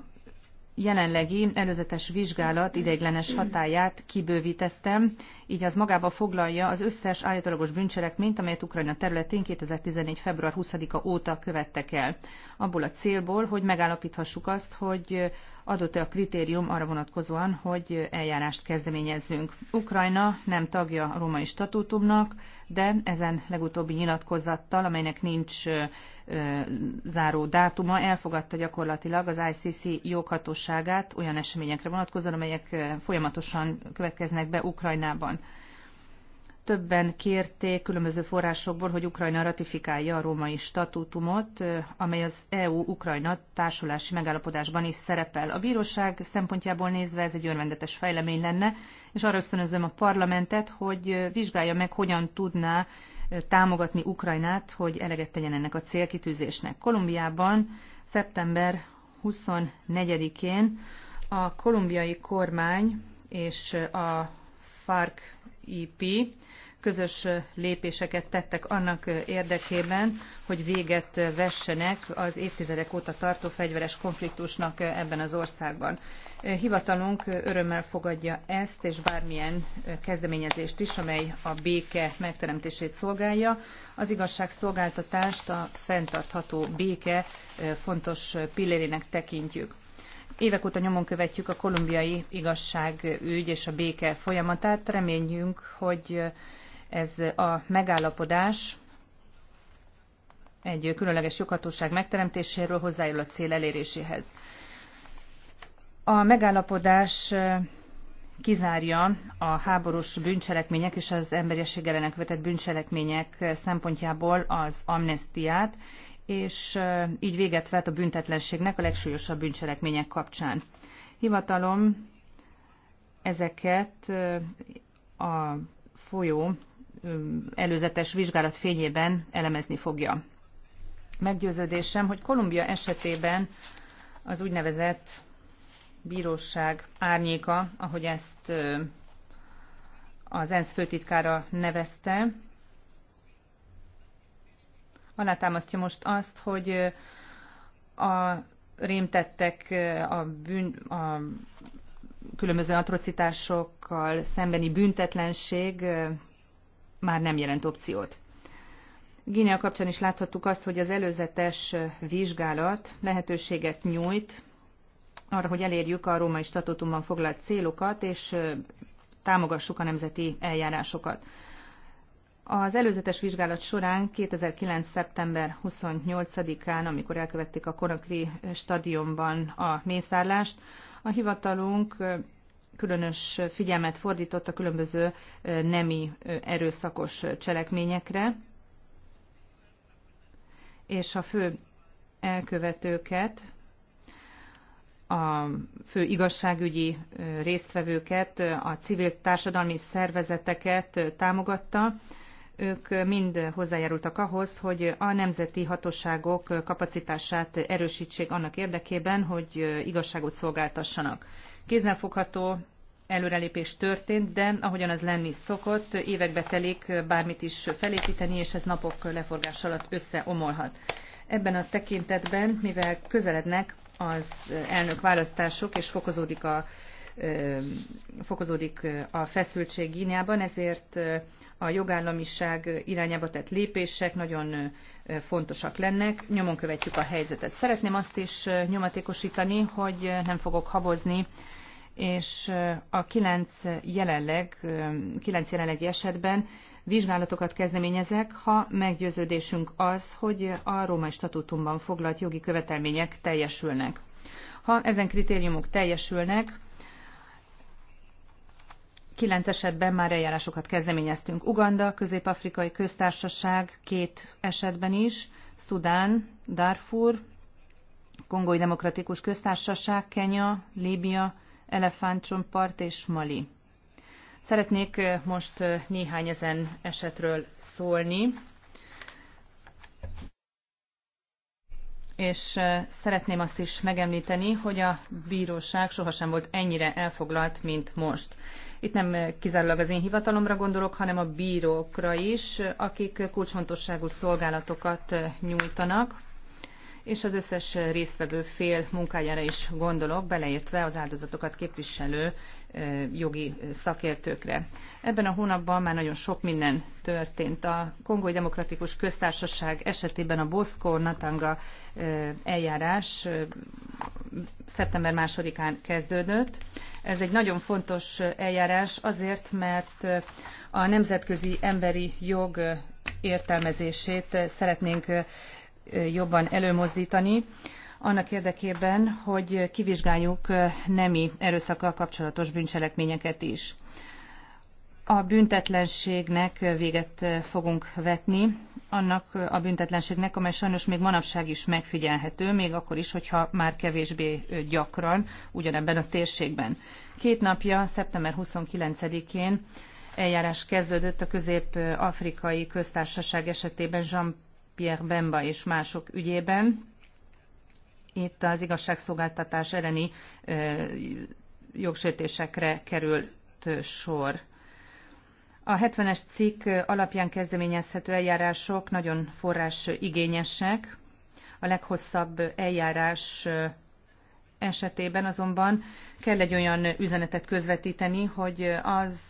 jelenlegi előzetes vizsgálat ideiglenes hatáját kibővítettem, így az magába foglalja az összes állítólagos bűncselekményt, amelyet Ukrajna területén 2014. február 20-a óta követtek el. Abból a célból, hogy megállapíthassuk azt, hogy adott-e a kritérium arra vonatkozóan, hogy eljárást kezdeményezzünk. Ukrajna nem tagja a római statútumnak, de ezen legutóbbi nyilatkozattal, amelynek nincs záró dátuma elfogadta gyakorlatilag az ICC joghatóságát olyan eseményekre vonatkozóan, amelyek folyamatosan következnek be Ukrajnában. Többen kérték különböző forrásokból, hogy Ukrajna ratifikálja a római statútumot, amely az EU-Ukrajna társulási megállapodásban is szerepel. A bíróság szempontjából nézve ez egy örvendetes fejlemény lenne, és arra ösztönözöm a parlamentet, hogy vizsgálja meg, hogyan tudná támogatni Ukrajnát, hogy eleget tegyen ennek a célkitűzésnek. Kolumbiában szeptember 24-én a kolumbiai kormány és a FARC-IP közös lépéseket tettek annak érdekében, hogy véget vessenek az évtizedek óta tartó fegyveres konfliktusnak ebben az országban. Hivatalunk örömmel fogadja ezt, és bármilyen kezdeményezést is, amely a béke megteremtését szolgálja. Az igazságszolgáltatást a fenntartható béke fontos pillérének tekintjük. Évek óta nyomon követjük a kolumbiai igazságügy és a béke folyamatát. Reményünk, hogy ez a megállapodás egy különleges joghatóság megteremtéséről hozzájárul a cél eléréséhez. A megállapodás kizárja a háborús bűncselekmények és az emberiesség ellenek vetett bűncselekmények szempontjából az amnestiát, és így véget vet a büntetlenségnek a legsúlyosabb bűncselekmények kapcsán. Hivatalom ezeket a folyó előzetes vizsgálat fényében elemezni fogja. Meggyőződésem, hogy Kolumbia esetében az úgynevezett bíróság árnyéka, ahogy ezt az ENSZ főtitkára nevezte, alátámasztja most azt, hogy a rémtettek a, bűn, a különböző atrocitásokkal szembeni büntetlenség már nem jelent opciót. Guinea kapcsán is láthattuk azt, hogy az előzetes vizsgálat lehetőséget nyújt arra, hogy elérjük a római statutumban foglalt célokat, és támogassuk a nemzeti eljárásokat. Az előzetes vizsgálat során 2009. szeptember 28-án, amikor elkövették a Konakri stadionban a mészárlást, a hivatalunk különös figyelmet fordított a különböző nemi erőszakos cselekményekre, és a fő elkövetőket, a fő igazságügyi résztvevőket, a civil társadalmi szervezeteket támogatta. Ők mind hozzájárultak ahhoz, hogy a nemzeti hatóságok kapacitását erősítsék annak érdekében, hogy igazságot szolgáltassanak. Kézzelfogható előrelépés történt, de ahogyan az lenni szokott, évekbe telik bármit is felépíteni, és ez napok leforgás alatt összeomolhat. Ebben a tekintetben, mivel közelednek az elnök választások, és fokozódik a, fokozódik a feszültség Gíniában, ezért a jogállamiság irányába tett lépések nagyon fontosak lennek. Nyomon követjük a helyzetet. Szeretném azt is nyomatékosítani, hogy nem fogok habozni és a kilenc, jelenleg, kilenc jelenlegi esetben vizsgálatokat kezdeményezek, ha meggyőződésünk az, hogy a római statútumban foglalt jogi követelmények teljesülnek. Ha ezen kritériumok teljesülnek, kilenc esetben már eljárásokat kezdeményeztünk. Uganda, Közép-Afrikai Köztársaság két esetben is, Szudán, Darfur, Kongói Demokratikus Köztársaság, Kenya, Líbia, Elefántcsontpart és Mali. Szeretnék most néhány ezen esetről szólni, és szeretném azt is megemlíteni, hogy a bíróság sohasem volt ennyire elfoglalt, mint most. Itt nem kizárólag az én hivatalomra gondolok, hanem a bírókra is, akik kulcsfontosságú szolgálatokat nyújtanak és az összes résztvevő fél munkájára is gondolok, beleértve az áldozatokat képviselő jogi szakértőkre. Ebben a hónapban már nagyon sok minden történt. A Kongói Demokratikus Köztársaság esetében a Boszkó-Natanga eljárás szeptember 2-án kezdődött. Ez egy nagyon fontos eljárás azért, mert a nemzetközi emberi jog értelmezését szeretnénk jobban előmozdítani, annak érdekében, hogy kivizsgáljuk nemi erőszakkal kapcsolatos bűncselekményeket is. A büntetlenségnek véget fogunk vetni, annak a büntetlenségnek, amely sajnos még manapság is megfigyelhető, még akkor is, hogyha már kevésbé gyakran ugyanebben a térségben. Két napja, szeptember 29-én eljárás kezdődött a közép-afrikai köztársaság esetében Jean Pierre Bemba és mások ügyében. Itt az igazságszolgáltatás elleni jogsértésekre került sor. A 70-es cikk alapján kezdeményezhető eljárások nagyon forrás igényesek. A leghosszabb eljárás esetében azonban kell egy olyan üzenetet közvetíteni, hogy az,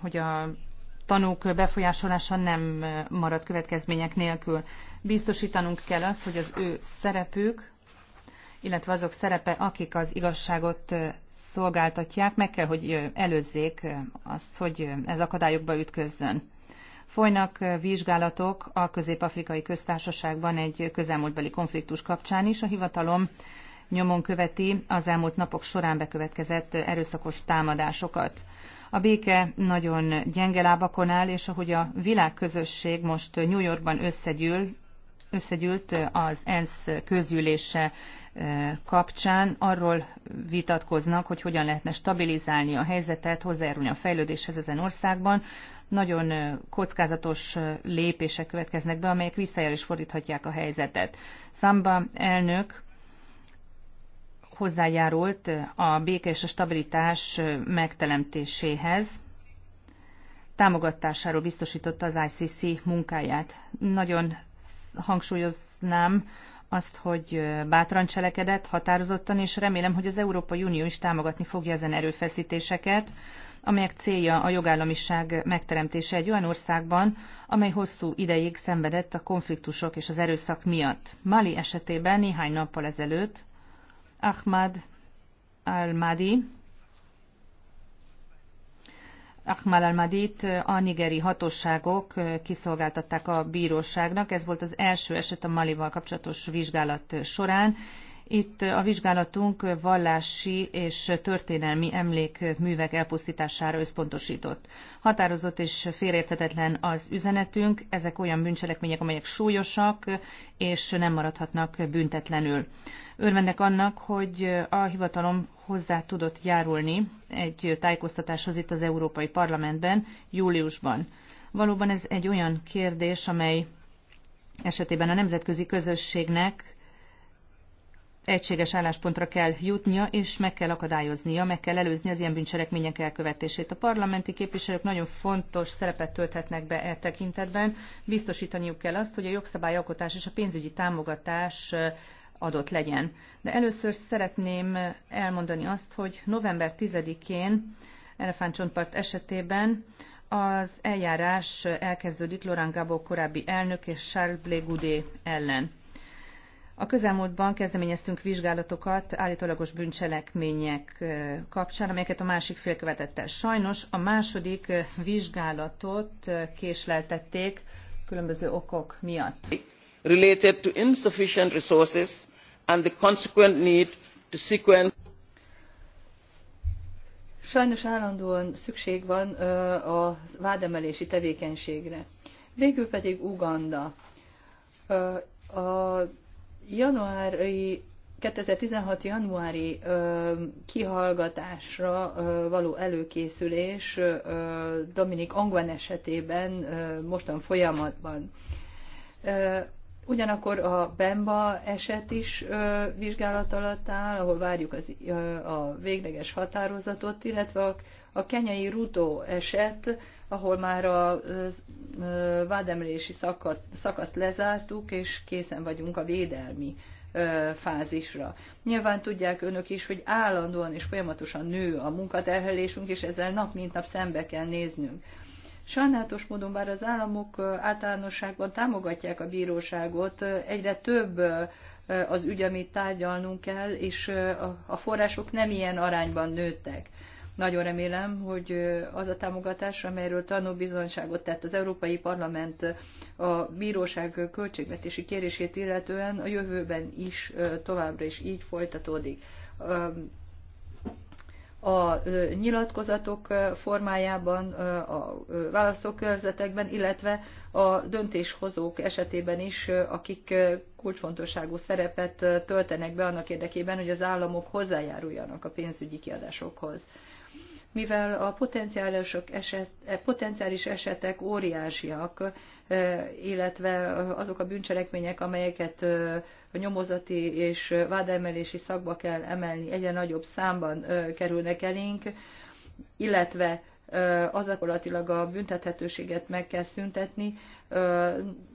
hogy a tanúk befolyásolása nem marad következmények nélkül. Biztosítanunk kell azt, hogy az ő szerepük, illetve azok szerepe, akik az igazságot szolgáltatják, meg kell, hogy előzzék azt, hogy ez akadályokba ütközzön. Folynak vizsgálatok a Közép-Afrikai Köztársaságban egy közelmúltbeli konfliktus kapcsán is. A hivatalom nyomon követi az elmúlt napok során bekövetkezett erőszakos támadásokat. A béke nagyon gyenge lábakon áll, és ahogy a világközösség most New Yorkban összegyűl, összegyűlt az ENSZ közülése kapcsán, arról vitatkoznak, hogy hogyan lehetne stabilizálni a helyzetet, hozzájárulni a fejlődéshez ezen országban. Nagyon kockázatos lépések következnek be, amelyek is fordíthatják a helyzetet. Szamba elnök hozzájárult a béke és a stabilitás megteremtéséhez, támogatásáról biztosította az ICC munkáját. Nagyon hangsúlyoznám azt, hogy bátran cselekedett, határozottan, és remélem, hogy az Európai Unió is támogatni fogja ezen erőfeszítéseket, amelyek célja a jogállamiság megteremtése egy olyan országban, amely hosszú ideig szenvedett a konfliktusok és az erőszak miatt. Mali esetében néhány nappal ezelőtt Ahmad al madi Ahmad al-Madit a nigeri hatóságok kiszolgáltatták a bíróságnak. Ez volt az első eset a Malival kapcsolatos vizsgálat során, itt a vizsgálatunk vallási és történelmi emlékművek elpusztítására összpontosított. Határozott és félérthetetlen az üzenetünk, ezek olyan bűncselekmények, amelyek súlyosak és nem maradhatnak büntetlenül. Örvendek annak, hogy a hivatalom hozzá tudott járulni egy tájékoztatáshoz itt az Európai Parlamentben júliusban. Valóban ez egy olyan kérdés, amely esetében a nemzetközi közösségnek egységes álláspontra kell jutnia, és meg kell akadályoznia, meg kell előzni az ilyen bűncselekmények elkövetését. A parlamenti képviselők nagyon fontos szerepet tölthetnek be e tekintetben. Biztosítaniuk kell azt, hogy a jogszabályalkotás és a pénzügyi támogatás adott legyen. De először szeretném elmondani azt, hogy november 10-én Elefántcsontpart esetében az eljárás elkezdődik Laurent Gabó korábbi elnök és Charles Blé Goudé ellen. A közelmúltban kezdeményeztünk vizsgálatokat állítólagos bűncselekmények kapcsán, amelyeket a másik fél követett el. Sajnos a második vizsgálatot késleltették különböző okok miatt. Related to insufficient resources and the consequent need to sequence Sajnos állandóan szükség van a vádemelési tevékenységre. Végül pedig Uganda. A januári 2016. januári ö, kihallgatásra ö, való előkészülés ö, Dominik Angvan esetében ö, mostan folyamatban. Ö, ugyanakkor a Bemba eset is ö, vizsgálat alatt áll, ahol várjuk az, ö, a végleges határozatot, illetve a, a kenyai Ruto eset ahol már a vádemelési szakaszt lezártuk, és készen vagyunk a védelmi fázisra. Nyilván tudják önök is, hogy állandóan és folyamatosan nő a munkaterhelésünk, és ezzel nap mint nap szembe kell néznünk. Sajnálatos módon bár az államok általánosságban támogatják a bíróságot, egyre több az ügy, amit tárgyalnunk kell, és a források nem ilyen arányban nőttek. Nagyon remélem, hogy az a támogatás, amelyről bizonyságot tett az Európai Parlament a bíróság költségvetési kérését illetően a jövőben is továbbra is így folytatódik. A nyilatkozatok formájában, a választókörzetekben, illetve a döntéshozók esetében is, akik kulcsfontosságú szerepet töltenek be annak érdekében, hogy az államok hozzájáruljanak a pénzügyi kiadásokhoz mivel a potenciális, eset, e, potenciális esetek óriásiak, e, illetve azok a bűncselekmények, amelyeket e, a nyomozati és vádemelési szakba kell emelni, egyre nagyobb számban kerülnek elénk, illetve az gyakorlatilag a büntethetőséget meg kell szüntetni,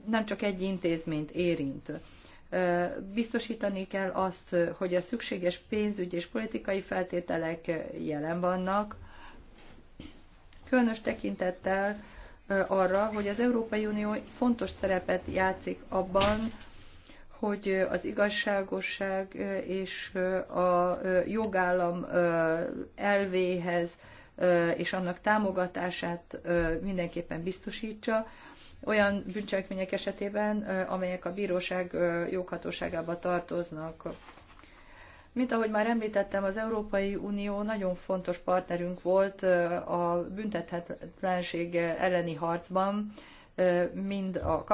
nem csak egy intézményt érint. Biztosítani kell azt, hogy a szükséges pénzügyi és politikai feltételek jelen vannak, különös tekintettel arra, hogy az Európai Unió fontos szerepet játszik abban, hogy az igazságosság és a jogállam elvéhez és annak támogatását mindenképpen biztosítsa, olyan bűncselekmények esetében, amelyek a bíróság joghatóságába tartoznak. Mint ahogy már említettem, az Európai Unió nagyon fontos partnerünk volt a büntethetlenség elleni harcban, mind a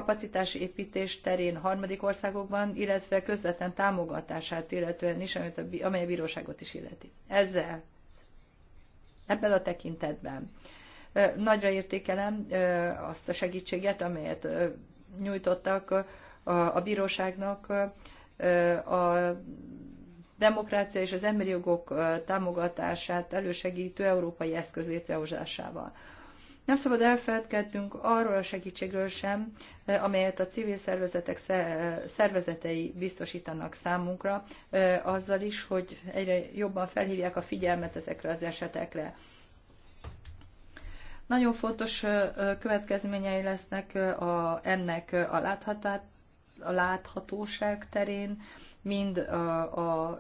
építés terén harmadik országokban, illetve közvetlen támogatását illetően is, a, amely a bíróságot is illeti. Ezzel, ebben a tekintetben nagyra értékelem azt a segítséget, amelyet nyújtottak a bíróságnak a demokrácia és az emberi jogok támogatását elősegítő európai eszköz létrehozásával. Nem szabad elfeledkeznünk arról a segítségről sem, amelyet a civil szervezetek szervezetei biztosítanak számunkra, azzal is, hogy egyre jobban felhívják a figyelmet ezekre az esetekre. Nagyon fontos következményei lesznek a, ennek a, a láthatóság terén, mind a, a,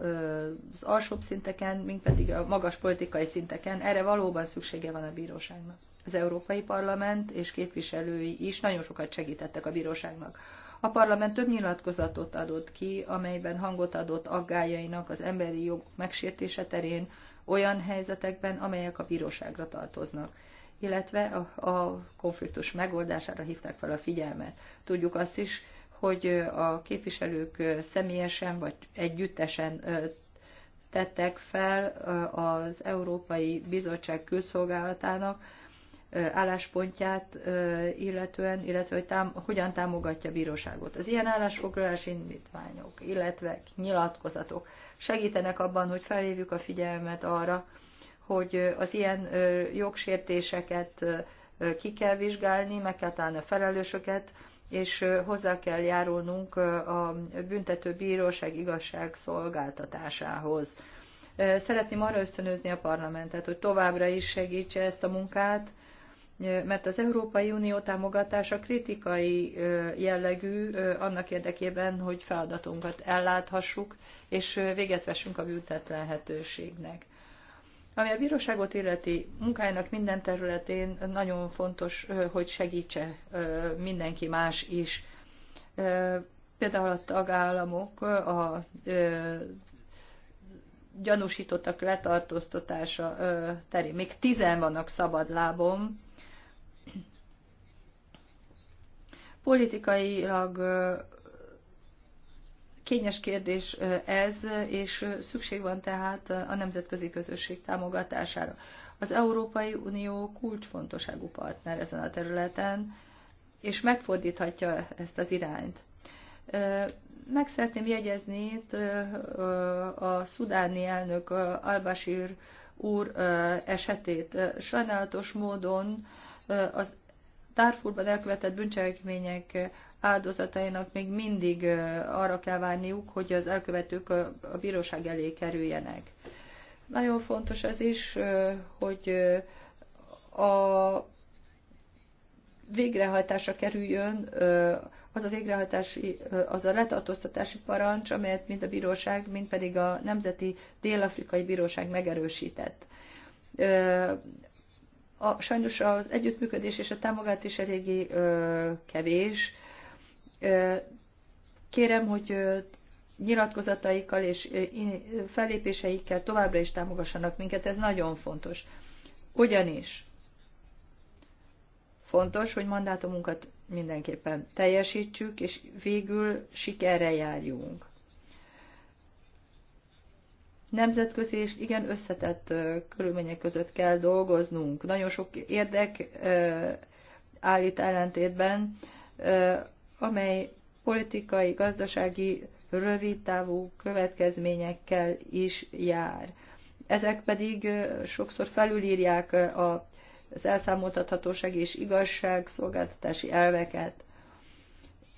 az alsóbb szinteken, mind pedig a magas politikai szinteken. Erre valóban szüksége van a bíróságnak. Az Európai Parlament és képviselői is nagyon sokat segítettek a bíróságnak. A parlament több nyilatkozatot adott ki, amelyben hangot adott aggájainak az emberi jog megsértése terén olyan helyzetekben, amelyek a bíróságra tartoznak illetve a, a konfliktus megoldására hívták fel a figyelmet. Tudjuk azt is, hogy a képviselők személyesen vagy együttesen tettek fel az Európai Bizottság külszolgálatának álláspontját illetően, illetve hogy tám- hogyan támogatja a bíróságot. Az ilyen állásfoglalási indítványok, illetve nyilatkozatok segítenek abban, hogy felhívjuk a figyelmet arra, hogy az ilyen jogsértéseket ki kell vizsgálni, meg kell találni a felelősöket, és hozzá kell járulnunk a büntető bíróság igazság szolgáltatásához. Szeretném arra ösztönözni a parlamentet, hogy továbbra is segítse ezt a munkát, mert az Európai Unió támogatása kritikai jellegű annak érdekében, hogy feladatunkat elláthassuk, és véget vessünk a büntetlenhetőségnek. Ami a bíróságot illeti munkájának minden területén nagyon fontos, hogy segítse mindenki más is. Például a tagállamok a gyanúsítottak letartóztatása terén. Még tizen vannak lábom. Politikailag Kényes kérdés ez, és szükség van tehát a nemzetközi közösség támogatására. Az Európai Unió kulcsfontosságú partner ezen a területen, és megfordíthatja ezt az irányt. Meg szeretném jegyezni itt a szudáni elnök Al-Bashir úr esetét. Sajnálatos módon az Darfurban elkövetett bűncselekmények áldozatainak még mindig arra kell várniuk, hogy az elkövetők a bíróság elé kerüljenek. Nagyon fontos ez is, hogy a végrehajtásra kerüljön az a végrehajtási, az a letartóztatási parancs, amelyet mind a bíróság, mind pedig a Nemzeti Dél-Afrikai Bíróság megerősített. A, sajnos az együttműködés és a támogatás eléggé kevés, Kérem, hogy nyilatkozataikkal és fellépéseikkel továbbra is támogassanak minket, ez nagyon fontos. Ugyanis fontos, hogy mandátumunkat mindenképpen teljesítsük, és végül sikerre járjunk. Nemzetközi és igen összetett körülmények között kell dolgoznunk. Nagyon sok érdek állít ellentétben amely politikai, gazdasági, rövidtávú következményekkel is jár. Ezek pedig sokszor felülírják az elszámoltathatóság és igazságszolgáltatási elveket.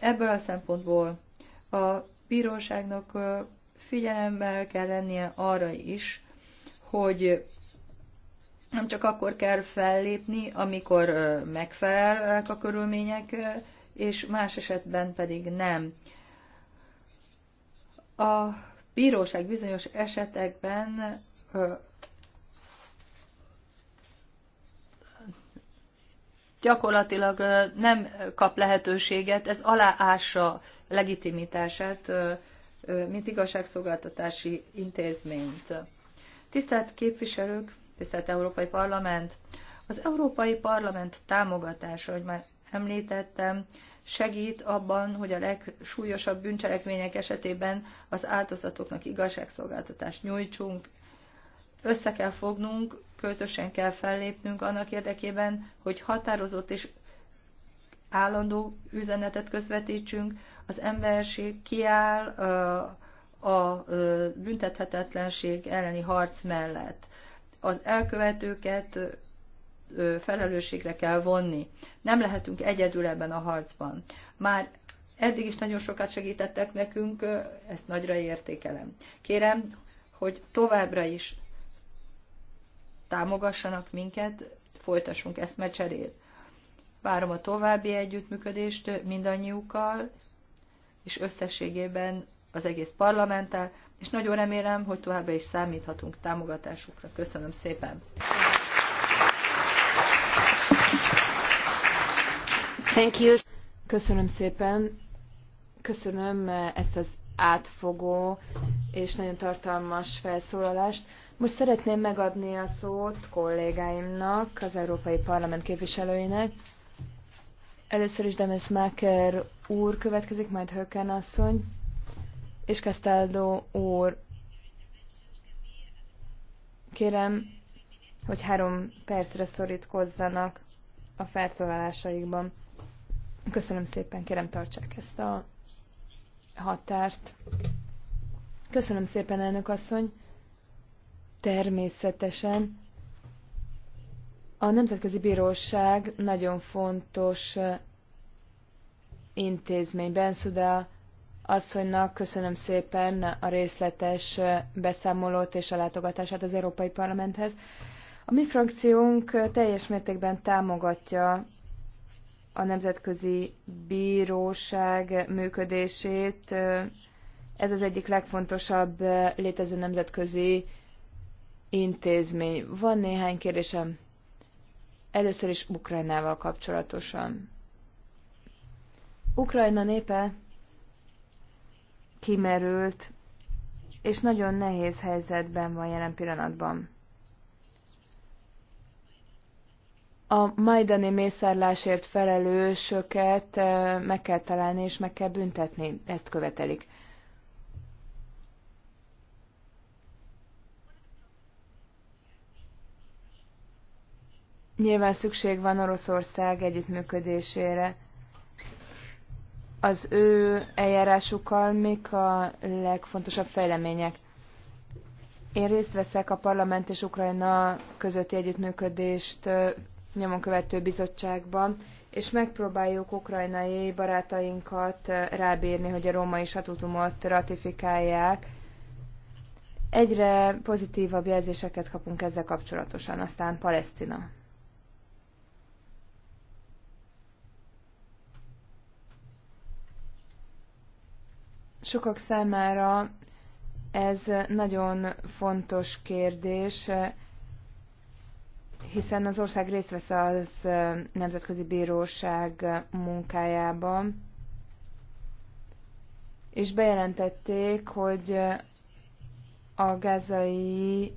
Ebből a szempontból a bíróságnak figyelemmel kell lennie arra is, hogy nem csak akkor kell fellépni, amikor megfelelnek a körülmények, és más esetben pedig nem. A bíróság bizonyos esetekben gyakorlatilag nem kap lehetőséget, ez aláássa legitimitását, mint igazságszolgáltatási intézményt. Tisztelt képviselők, tisztelt Európai Parlament! Az Európai Parlament támogatása, hogy már említettem, segít abban, hogy a legsúlyosabb bűncselekmények esetében az áldozatoknak igazságszolgáltatást nyújtsunk. Össze kell fognunk, közösen kell fellépnünk annak érdekében, hogy határozott és állandó üzenetet közvetítsünk. Az emberség kiáll a büntethetetlenség elleni harc mellett. Az elkövetőket felelősségre kell vonni. Nem lehetünk egyedül ebben a harcban. Már eddig is nagyon sokat segítettek nekünk, ezt nagyra értékelem. Kérem, hogy továbbra is támogassanak minket, folytassunk eszmecserét. Várom a további együttműködést mindannyiukkal, és összességében az egész parlamenttel, és nagyon remélem, hogy továbbra is számíthatunk támogatásukra. Köszönöm szépen! Thank you. Köszönöm szépen. Köszönöm ezt az átfogó és nagyon tartalmas felszólalást. Most szeretném megadni a szót kollégáimnak, az Európai Parlament képviselőinek. Először is Demes Máker úr következik, majd Höken asszony, és Castaldo úr. Kérem, hogy három percre szorítkozzanak a felszólalásaikban. Köszönöm szépen, kérem tartsák ezt a határt. Köszönöm szépen, elnök asszony. Természetesen a Nemzetközi Bíróság nagyon fontos intézményben, Szuda asszonynak köszönöm szépen a részletes beszámolót és a látogatását az Európai Parlamenthez. A mi frakciónk teljes mértékben támogatja a Nemzetközi Bíróság működését. Ez az egyik legfontosabb létező nemzetközi intézmény. Van néhány kérdésem. Először is Ukrajnával kapcsolatosan. Ukrajna népe kimerült, és nagyon nehéz helyzetben van jelen pillanatban. a majdani mészárlásért felelősöket meg kell találni és meg kell büntetni. Ezt követelik. Nyilván szükség van Oroszország együttműködésére. Az ő eljárásukkal mik a legfontosabb fejlemények? Én részt veszek a parlament és Ukrajna közötti együttműködést nyomonkövető bizottságban, és megpróbáljuk ukrajnai barátainkat eh, rábírni, hogy a római statutumot ratifikálják. Egyre pozitívabb jelzéseket kapunk ezzel kapcsolatosan, aztán Palesztina. Sokak számára ez nagyon fontos kérdés, eh, hiszen az ország részt vesz az Nemzetközi Bíróság munkájában, és bejelentették, hogy a gázai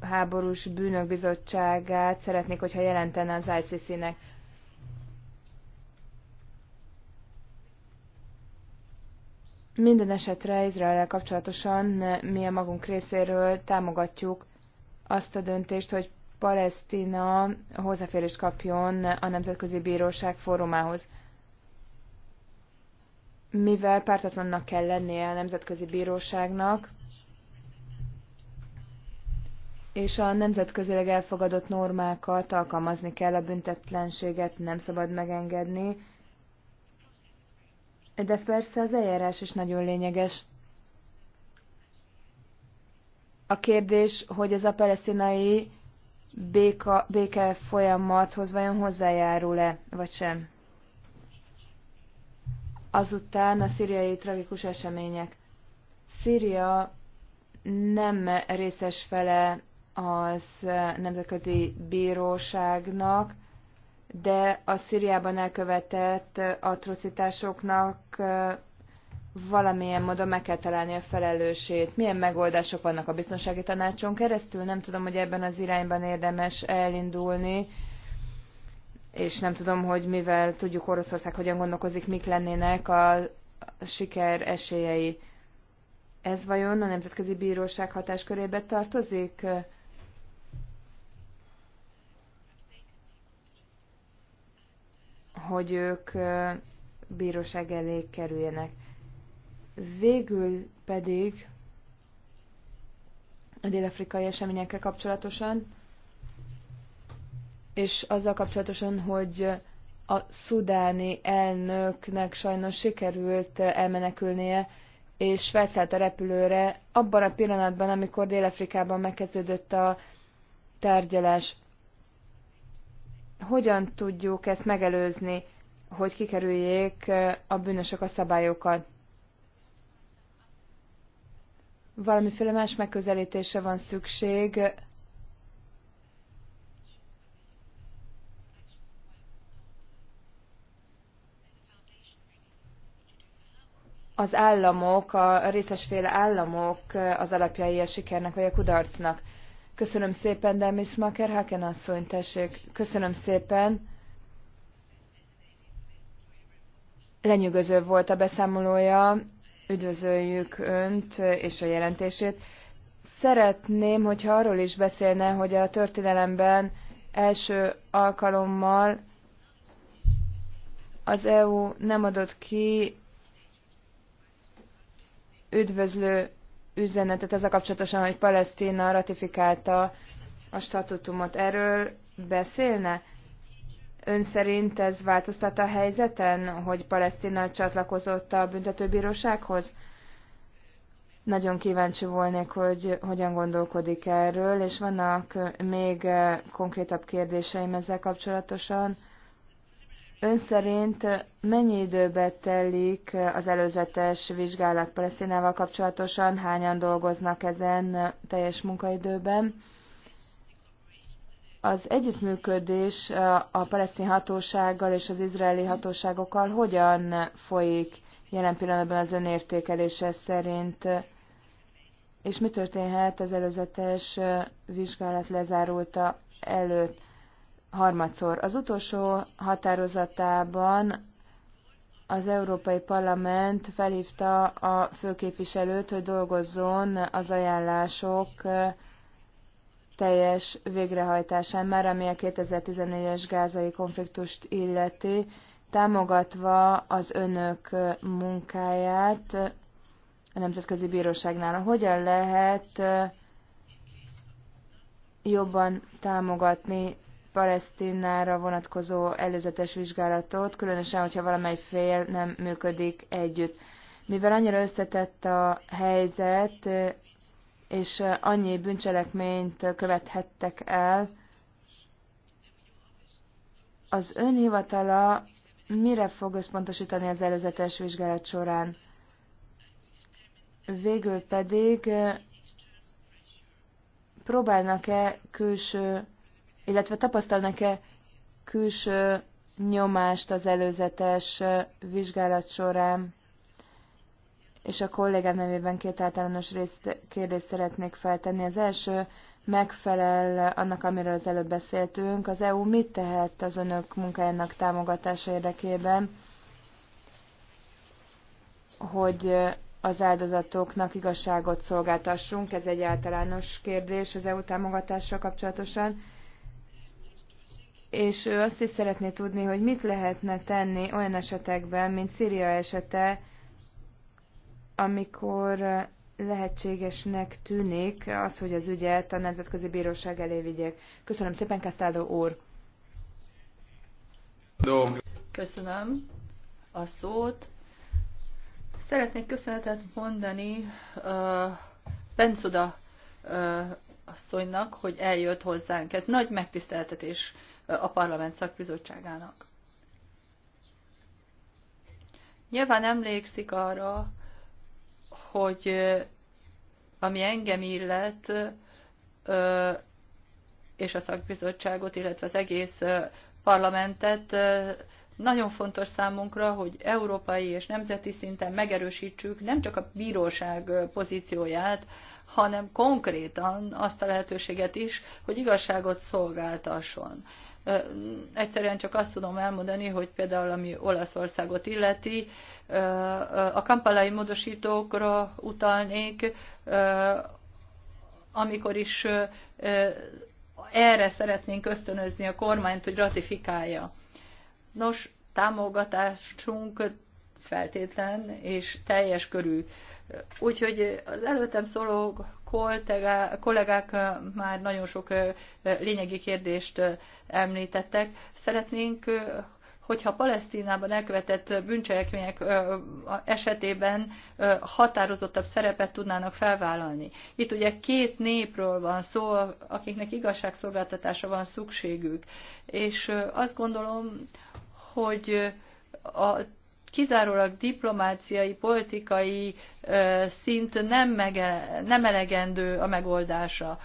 háborús bűnök bizottságát szeretnék, hogyha jelentene az ICC-nek. Minden esetre Izrael kapcsolatosan mi a magunk részéről támogatjuk azt a döntést, hogy Palesztina hozzáférést kapjon a Nemzetközi Bíróság fórumához. Mivel pártatlannak kell lennie a Nemzetközi Bíróságnak, és a nemzetközileg elfogadott normákat alkalmazni kell, a büntetlenséget nem szabad megengedni, de persze az eljárás is nagyon lényeges. A kérdés, hogy ez a palesztinai béka, béke folyamathoz vajon hozzájárul-e, vagy sem. Azután a szíriai tragikus események. Szíria nem részes fele az Nemzetközi Bíróságnak, de a Szíriában elkövetett atrocitásoknak valamilyen módon meg kell találni a felelősét. Milyen megoldások vannak a biztonsági tanácson keresztül? Nem tudom, hogy ebben az irányban érdemes elindulni, és nem tudom, hogy mivel tudjuk Oroszország hogyan gondolkozik, mik lennének a siker esélyei. Ez vajon a Nemzetközi Bíróság hatáskörébe tartozik? Hogy ők bíróság elé kerüljenek. Végül pedig a dél-afrikai eseményekkel kapcsolatosan, és azzal kapcsolatosan, hogy a szudáni elnöknek sajnos sikerült elmenekülnie, és felszállt a repülőre abban a pillanatban, amikor Dél-Afrikában megkezdődött a tárgyalás. Hogyan tudjuk ezt megelőzni, hogy kikerüljék a bűnösök a szabályokat? valamiféle más megközelítése van szükség. Az államok, a részesféle államok az alapjai a sikernek vagy a kudarcnak. Köszönöm szépen, Demis Maker, Haken asszony, tessék. Köszönöm szépen. Lenyűgöző volt a beszámolója Üdvözöljük Önt és a jelentését. Szeretném, hogyha arról is beszélne, hogy a történelemben első alkalommal az EU nem adott ki üdvözlő üzenetet ezzel kapcsolatosan, hogy Palesztina ratifikálta a statutumot. Erről beszélne? Ön szerint ez változtat a helyzeten, hogy Palesztina csatlakozott a büntetőbírósághoz? Nagyon kíváncsi volnék, hogy hogyan gondolkodik erről, és vannak még eh, konkrétabb kérdéseim ezzel kapcsolatosan. Ön szerint mennyi időbe telik eh, az előzetes vizsgálat Palesztinával kapcsolatosan? Hányan dolgoznak ezen eh, teljes munkaidőben? az együttműködés a palesztin hatósággal és az izraeli hatóságokkal hogyan folyik jelen pillanatban az önértékelése szerint, és mi történhet az előzetes vizsgálat lezárulta előtt harmadszor. Az utolsó határozatában az Európai Parlament felhívta a főképviselőt, hogy dolgozzon az ajánlások teljes végrehajtásán már, ami a 2014-es gázai konfliktust illeti, támogatva az önök munkáját a Nemzetközi Bíróságnál. Hogyan lehet jobban támogatni Palesztinára vonatkozó előzetes vizsgálatot, különösen, hogyha valamely fél nem működik együtt. Mivel annyira összetett a helyzet, és annyi bűncselekményt követhettek el. Az önhivatala mire fog összpontosítani az előzetes vizsgálat során? Végül pedig próbálnak-e külső, illetve tapasztalnak-e külső nyomást az előzetes vizsgálat során? és a kollégám nevében két általános részt, kérdést szeretnék feltenni. Az első megfelel annak, amiről az előbb beszéltünk. Az EU mit tehet az önök munkájának támogatása érdekében, hogy az áldozatoknak igazságot szolgáltassunk? Ez egy általános kérdés az EU támogatással kapcsolatosan. És ő azt is szeretné tudni, hogy mit lehetne tenni olyan esetekben, mint Szíria esete, amikor lehetségesnek tűnik az, hogy az ügyet a Nemzetközi Bíróság elé vigyék. Köszönöm szépen, Kastáldó úr! Köszönöm a szót. Szeretnék köszönetet mondani uh, Bencuda uh, asszonynak, hogy eljött hozzánk. Ez nagy megtiszteltetés a parlament szakbizottságának. Nyilván emlékszik arra, hogy ami engem illet, és a szakbizottságot, illetve az egész parlamentet, nagyon fontos számunkra, hogy európai és nemzeti szinten megerősítsük nem csak a bíróság pozícióját, hanem konkrétan azt a lehetőséget is, hogy igazságot szolgáltasson. Egyszerűen csak azt tudom elmondani, hogy például ami Olaszországot illeti, a kampalai módosítókra utalnék, amikor is erre szeretnénk ösztönözni a kormányt, hogy ratifikálja. Nos, támogatásunk feltétlen és teljes körű. Úgyhogy az előttem szóló kollégák már nagyon sok lényegi kérdést említettek. Szeretnénk, hogyha Palesztinában elkövetett bűncselekmények esetében határozottabb szerepet tudnának felvállalni. Itt ugye két népről van szó, akiknek igazságszolgáltatása van szükségük. És azt gondolom, hogy a kizárólag diplomáciai, politikai szint nem, mege, nem elegendő a megoldása.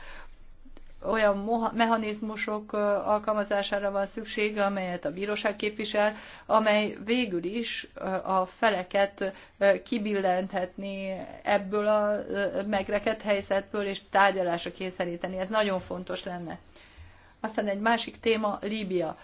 Olyan mechanizmusok alkalmazására van szükség, amelyet a bíróság képvisel, amely végül is a feleket kibillenthetni ebből a megrekedt helyzetből, és tárgyalásra kényszeríteni. Ez nagyon fontos lenne. Aztán egy másik téma, Líbia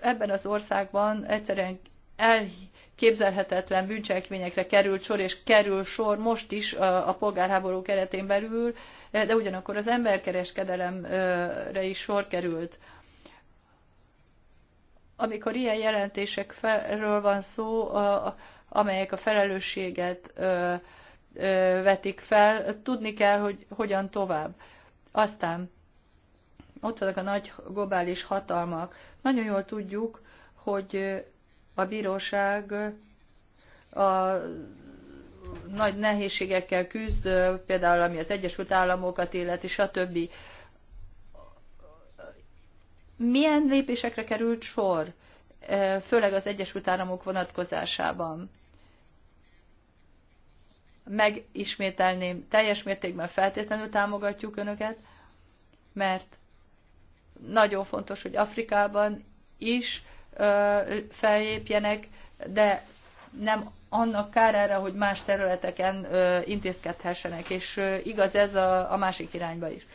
ebben az országban egyszerűen elképzelhetetlen bűncselekményekre került sor, és kerül sor most is a polgárháború keretén belül, de ugyanakkor az emberkereskedelemre is sor került. Amikor ilyen jelentésekről van szó, amelyek a felelősséget vetik fel, tudni kell, hogy hogyan tovább. Aztán ott vannak a nagy globális hatalmak. Nagyon jól tudjuk, hogy a bíróság a nagy nehézségekkel küzd, például ami az Egyesült Államokat illeti, stb. Milyen lépésekre került sor, főleg az Egyesült Államok vonatkozásában? Megismételném, teljes mértékben feltétlenül támogatjuk Önöket, mert nagyon fontos, hogy Afrikában is fellépjenek, de nem annak kárára, hogy más területeken intézkedhessenek, és igaz ez a, a másik irányba is.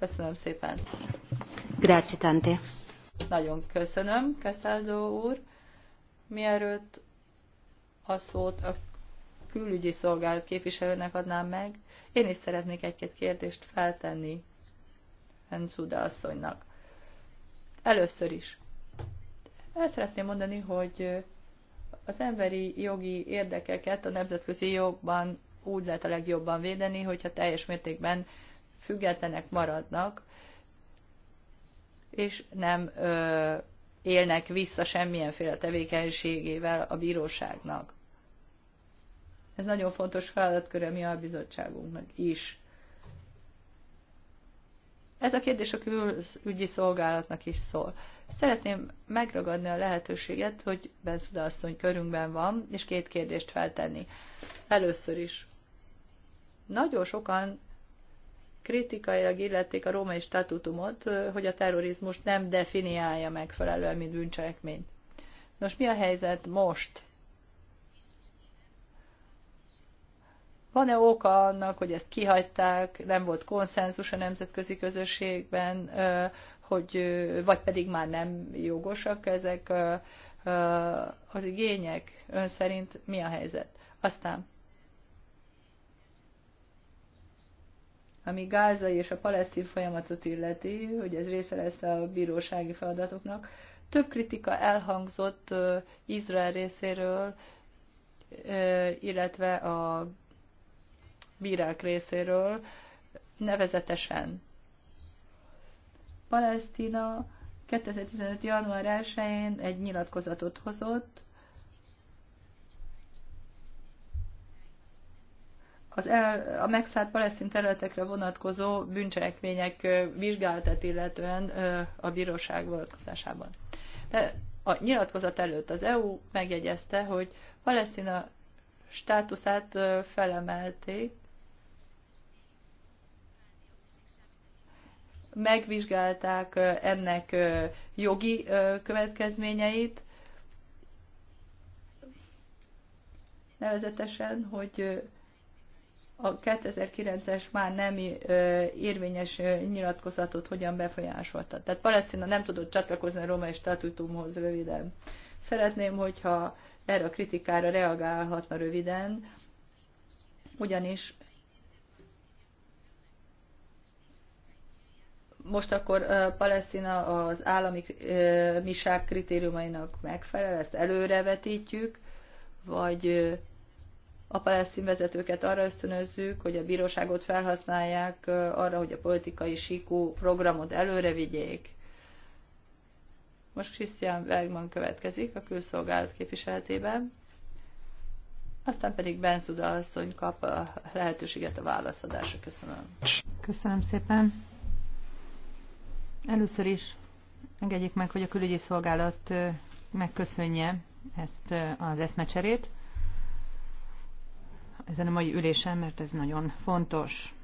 Köszönöm szépen. Grazie tante. Nagyon köszönöm, Kesszáldó úr. Mielőtt a szót a külügyi szolgálat képviselőnek adnám meg, én is szeretnék egy-két kérdést feltenni hensuda asszonynak. Először is. El szeretném mondani, hogy az emberi jogi érdekeket a nemzetközi jogban úgy lehet a legjobban védeni, hogyha teljes mértékben függetlenek maradnak, és nem ö, élnek vissza semmilyenféle tevékenységével a bíróságnak. Ez nagyon fontos a mi a bizottságunknak is. Ez a kérdés a külügyi szolgálatnak is szól. Szeretném megragadni a lehetőséget, hogy Benzuda asszony körünkben van, és két kérdést feltenni. Először is. Nagyon sokan kritikailag illették a római statutumot, hogy a terrorizmus nem definiálja megfelelően, mint bűncselekményt. Nos, mi a helyzet most? Van-e oka annak, hogy ezt kihagyták, nem volt konszenzus a nemzetközi közösségben, hogy, vagy pedig már nem jogosak ezek az igények? Ön szerint mi a helyzet? Aztán, ami gázai és a palesztin folyamatot illeti, hogy ez része lesz a bírósági feladatoknak, több kritika elhangzott Izrael részéről, illetve a bírák részéről, nevezetesen Palesztina 2015. január 1-én egy nyilatkozatot hozott, az el, a megszállt palesztin területekre vonatkozó bűncselekmények vizsgálatát illetően a bíróság vonatkozásában. De a nyilatkozat előtt az EU megjegyezte, hogy Palesztina státuszát felemelték, megvizsgálták ennek jogi következményeit, nevezetesen, hogy a 2009-es már nem érvényes nyilatkozatot hogyan befolyásolta. Tehát Palesztina nem tudott csatlakozni a római statutumhoz röviden. Szeretném, hogyha erre a kritikára reagálhatna röviden, ugyanis most akkor Palesztina az állami miság kritériumainak megfelel, ezt előrevetítjük, vagy a palesztin vezetőket arra ösztönözzük, hogy a bíróságot felhasználják arra, hogy a politikai síkú programot előre vigyék. Most Christian Bergman következik a külszolgálat képviseletében, aztán pedig Benzuda asszony kap a lehetőséget a válaszadásra. Köszönöm. Köszönöm szépen. Először is engedjék meg, hogy a külügyi szolgálat megköszönje ezt az eszmecserét ezen a mai ülésen, mert ez nagyon fontos.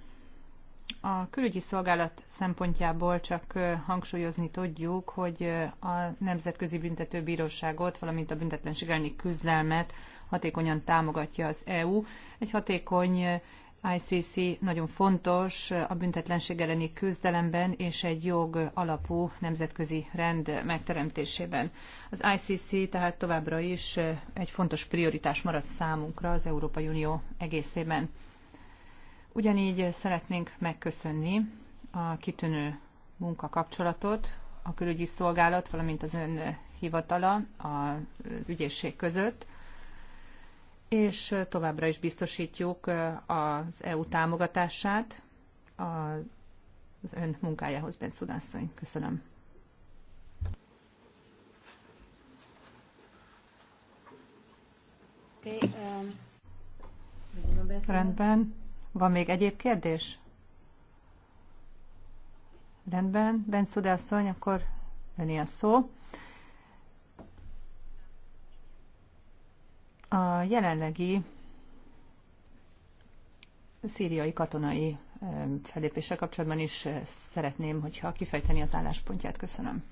A külügyi szolgálat szempontjából csak hangsúlyozni tudjuk, hogy a Nemzetközi Büntetőbíróságot, valamint a büntetlenség elleni küzdelmet hatékonyan támogatja az EU. Egy hatékony ICC nagyon fontos a büntetlenség elleni küzdelemben és egy jog alapú nemzetközi rend megteremtésében. Az ICC tehát továbbra is egy fontos prioritás marad számunkra az Európai Unió egészében. Ugyanígy szeretnénk megköszönni a kitűnő munkakapcsolatot a külügyi szolgálat, valamint az ön hivatala az ügyészség között és továbbra is biztosítjuk az EU támogatását az ön munkájához, Ben Szudászony. Köszönöm. Okay, um, Rendben. Van még egyéb kérdés? Rendben. Ben Szudászony, akkor öné a szó. A jelenlegi szíriai katonai fellépéssel kapcsolatban is szeretném, hogyha kifejteni az álláspontját. Köszönöm.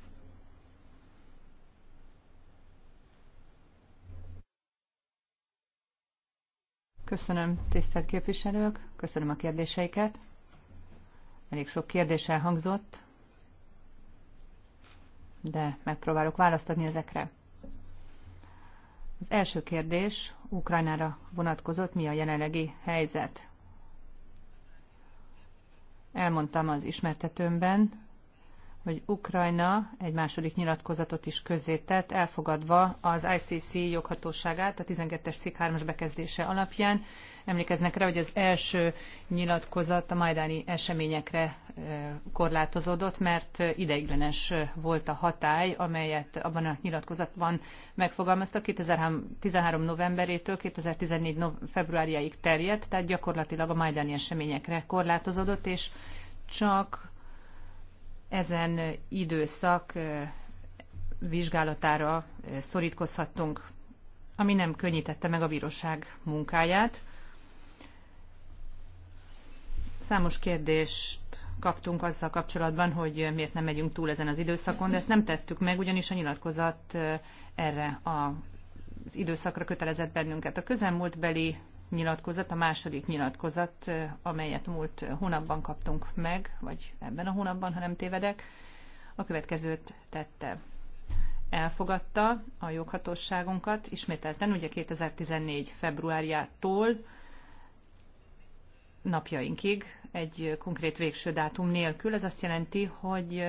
Köszönöm, tisztelt képviselők, köszönöm a kérdéseiket. Elég sok kérdés elhangzott, de megpróbálok választani ezekre. Az első kérdés Ukrajnára vonatkozott, mi a jelenlegi helyzet? Elmondtam az ismertetőmben, hogy Ukrajna egy második nyilatkozatot is közzétett, elfogadva az ICC joghatóságát a 12-es cikk 3-as bekezdése alapján. Emlékeznek rá, hogy az első nyilatkozat a majdáni eseményekre korlátozódott, mert ideiglenes volt a hatály, amelyet abban a nyilatkozatban megfogalmaztak. 2013. novemberétől 2014. februárjáig terjedt, tehát gyakorlatilag a majdáni eseményekre korlátozódott, és csak ezen időszak vizsgálatára szorítkozhattunk, ami nem könnyítette meg a bíróság munkáját. Számos kérdést kaptunk azzal kapcsolatban, hogy miért nem megyünk túl ezen az időszakon, de ezt nem tettük meg, ugyanis a nyilatkozat erre a az időszakra kötelezett bennünket. A közelmúltbeli nyilatkozat, a második nyilatkozat, amelyet múlt hónapban kaptunk meg, vagy ebben a hónapban, ha nem tévedek, a következőt tette. Elfogadta a joghatóságunkat, ismételten ugye 2014. februárjától napjainkig egy konkrét végső dátum nélkül. Ez azt jelenti, hogy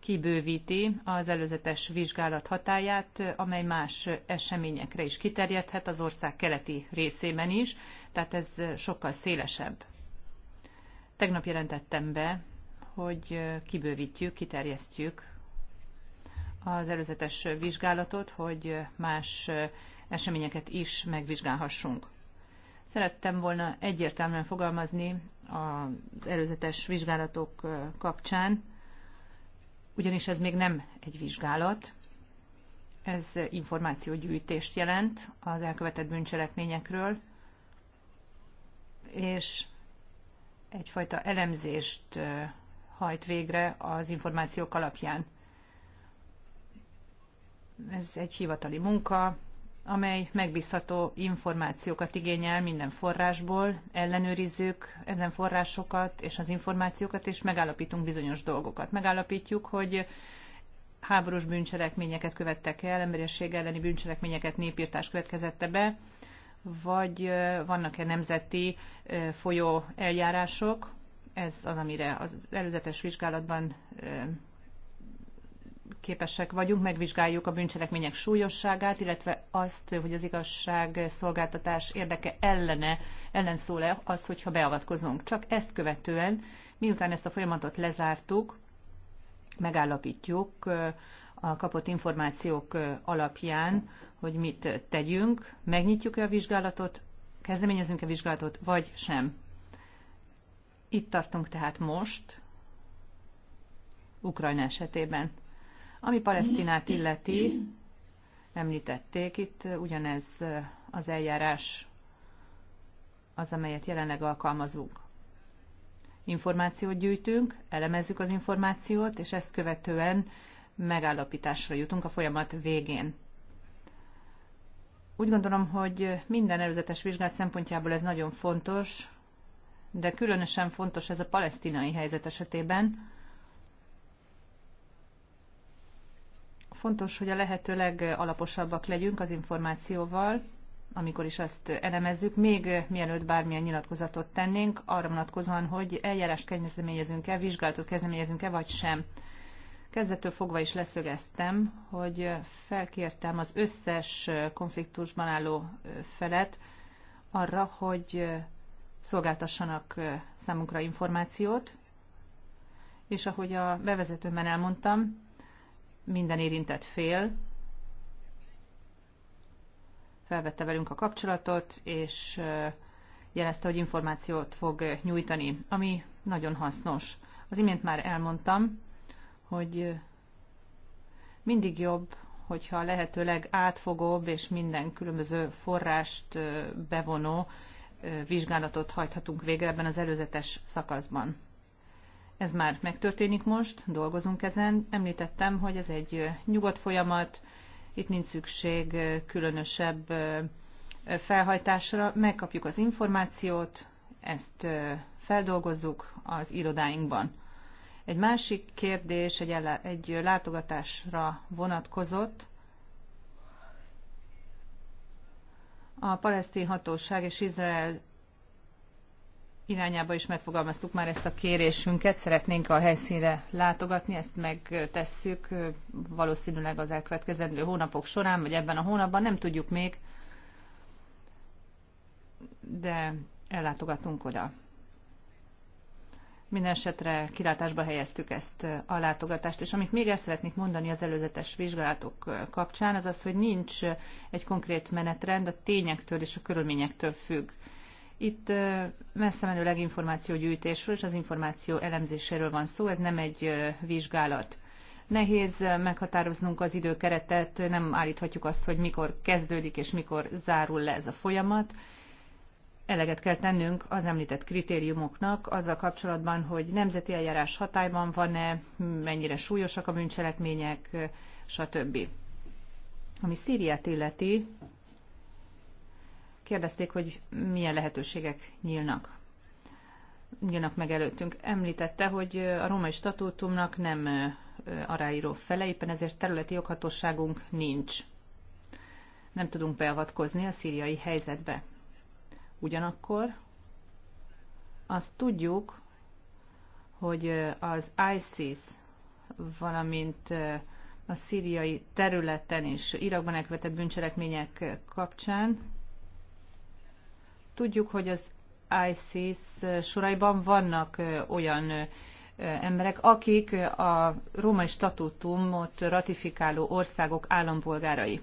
kibővíti az előzetes vizsgálat hatáját, amely más eseményekre is kiterjedhet az ország keleti részében is, tehát ez sokkal szélesebb. Tegnap jelentettem be, hogy kibővítjük, kiterjesztjük az előzetes vizsgálatot, hogy más eseményeket is megvizsgálhassunk. Szerettem volna egyértelműen fogalmazni az előzetes vizsgálatok kapcsán, ugyanis ez még nem egy vizsgálat, ez információgyűjtést jelent az elkövetett bűncselekményekről, és egyfajta elemzést hajt végre az információk alapján. Ez egy hivatali munka, amely megbízható információkat igényel minden forrásból, ellenőrizzük ezen forrásokat és az információkat, és megállapítunk bizonyos dolgokat. Megállapítjuk, hogy háborús bűncselekményeket követtek el, emberiesség elleni bűncselekményeket népírtás következette be, vagy vannak-e nemzeti folyó eljárások, ez az, amire az előzetes vizsgálatban képesek vagyunk, megvizsgáljuk a bűncselekmények súlyosságát, illetve azt, hogy az igazság szolgáltatás érdeke ellene, ellen szól-e az, hogyha beavatkozunk. Csak ezt követően, miután ezt a folyamatot lezártuk, megállapítjuk a kapott információk alapján, hogy mit tegyünk, megnyitjuk-e a vizsgálatot, kezdeményezünk-e vizsgálatot, vagy sem. Itt tartunk tehát most, Ukrajna esetében. Ami Palesztinát illeti, említették, itt ugyanez az eljárás az, amelyet jelenleg alkalmazunk. Információt gyűjtünk, elemezzük az információt, és ezt követően megállapításra jutunk a folyamat végén. Úgy gondolom, hogy minden előzetes vizsgát szempontjából ez nagyon fontos, de különösen fontos ez a palesztinai helyzet esetében, Fontos, hogy a lehető legalaposabbak legyünk az információval, amikor is azt elemezzük, még mielőtt bármilyen nyilatkozatot tennénk, arra vonatkozóan, hogy eljárást kezdeményezünk-e, vizsgálatot kezdeményezünk-e, vagy sem. Kezdettől fogva is leszögeztem, hogy felkértem az összes konfliktusban álló felet arra, hogy szolgáltassanak számunkra információt, és ahogy a bevezetőmben elmondtam, minden érintett fél felvette velünk a kapcsolatot, és jelezte, hogy információt fog nyújtani, ami nagyon hasznos. Az imént már elmondtam, hogy mindig jobb, hogyha lehetőleg átfogóbb és minden különböző forrást bevonó vizsgálatot hajthatunk végre ebben az előzetes szakaszban. Ez már megtörténik most, dolgozunk ezen. Említettem, hogy ez egy nyugodt folyamat, itt nincs szükség különösebb felhajtásra. Megkapjuk az információt, ezt feldolgozzuk az irodáinkban. Egy másik kérdés egy, ellá, egy látogatásra vonatkozott. A palesztin hatóság és Izrael irányába is megfogalmaztuk már ezt a kérésünket, szeretnénk a helyszínre látogatni, ezt megtesszük valószínűleg az elkövetkezendő hónapok során, vagy ebben a hónapban, nem tudjuk még, de ellátogatunk oda. Minden esetre kilátásba helyeztük ezt a látogatást, és amit még el szeretnék mondani az előzetes vizsgálatok kapcsán, az az, hogy nincs egy konkrét menetrend, a tényektől és a körülményektől függ. Itt messze menőleg információgyűjtésről és az információ elemzéséről van szó, ez nem egy vizsgálat. Nehéz meghatároznunk az időkeretet, nem állíthatjuk azt, hogy mikor kezdődik és mikor zárul le ez a folyamat. Eleget kell tennünk az említett kritériumoknak azzal kapcsolatban, hogy nemzeti eljárás hatályban van-e, mennyire súlyosak a bűncselekmények, stb. Ami Szíriát illeti, kérdezték, hogy milyen lehetőségek nyílnak nyílnak meg előttünk. Említette, hogy a római statútumnak nem aráíró fele, éppen ezért területi joghatóságunk nincs. Nem tudunk beavatkozni a szíriai helyzetbe. Ugyanakkor azt tudjuk, hogy az ISIS, valamint a szíriai területen és Irakban elkövetett bűncselekmények kapcsán Tudjuk, hogy az ISIS soraiban vannak olyan emberek, akik a római statútumot ratifikáló országok állampolgárai.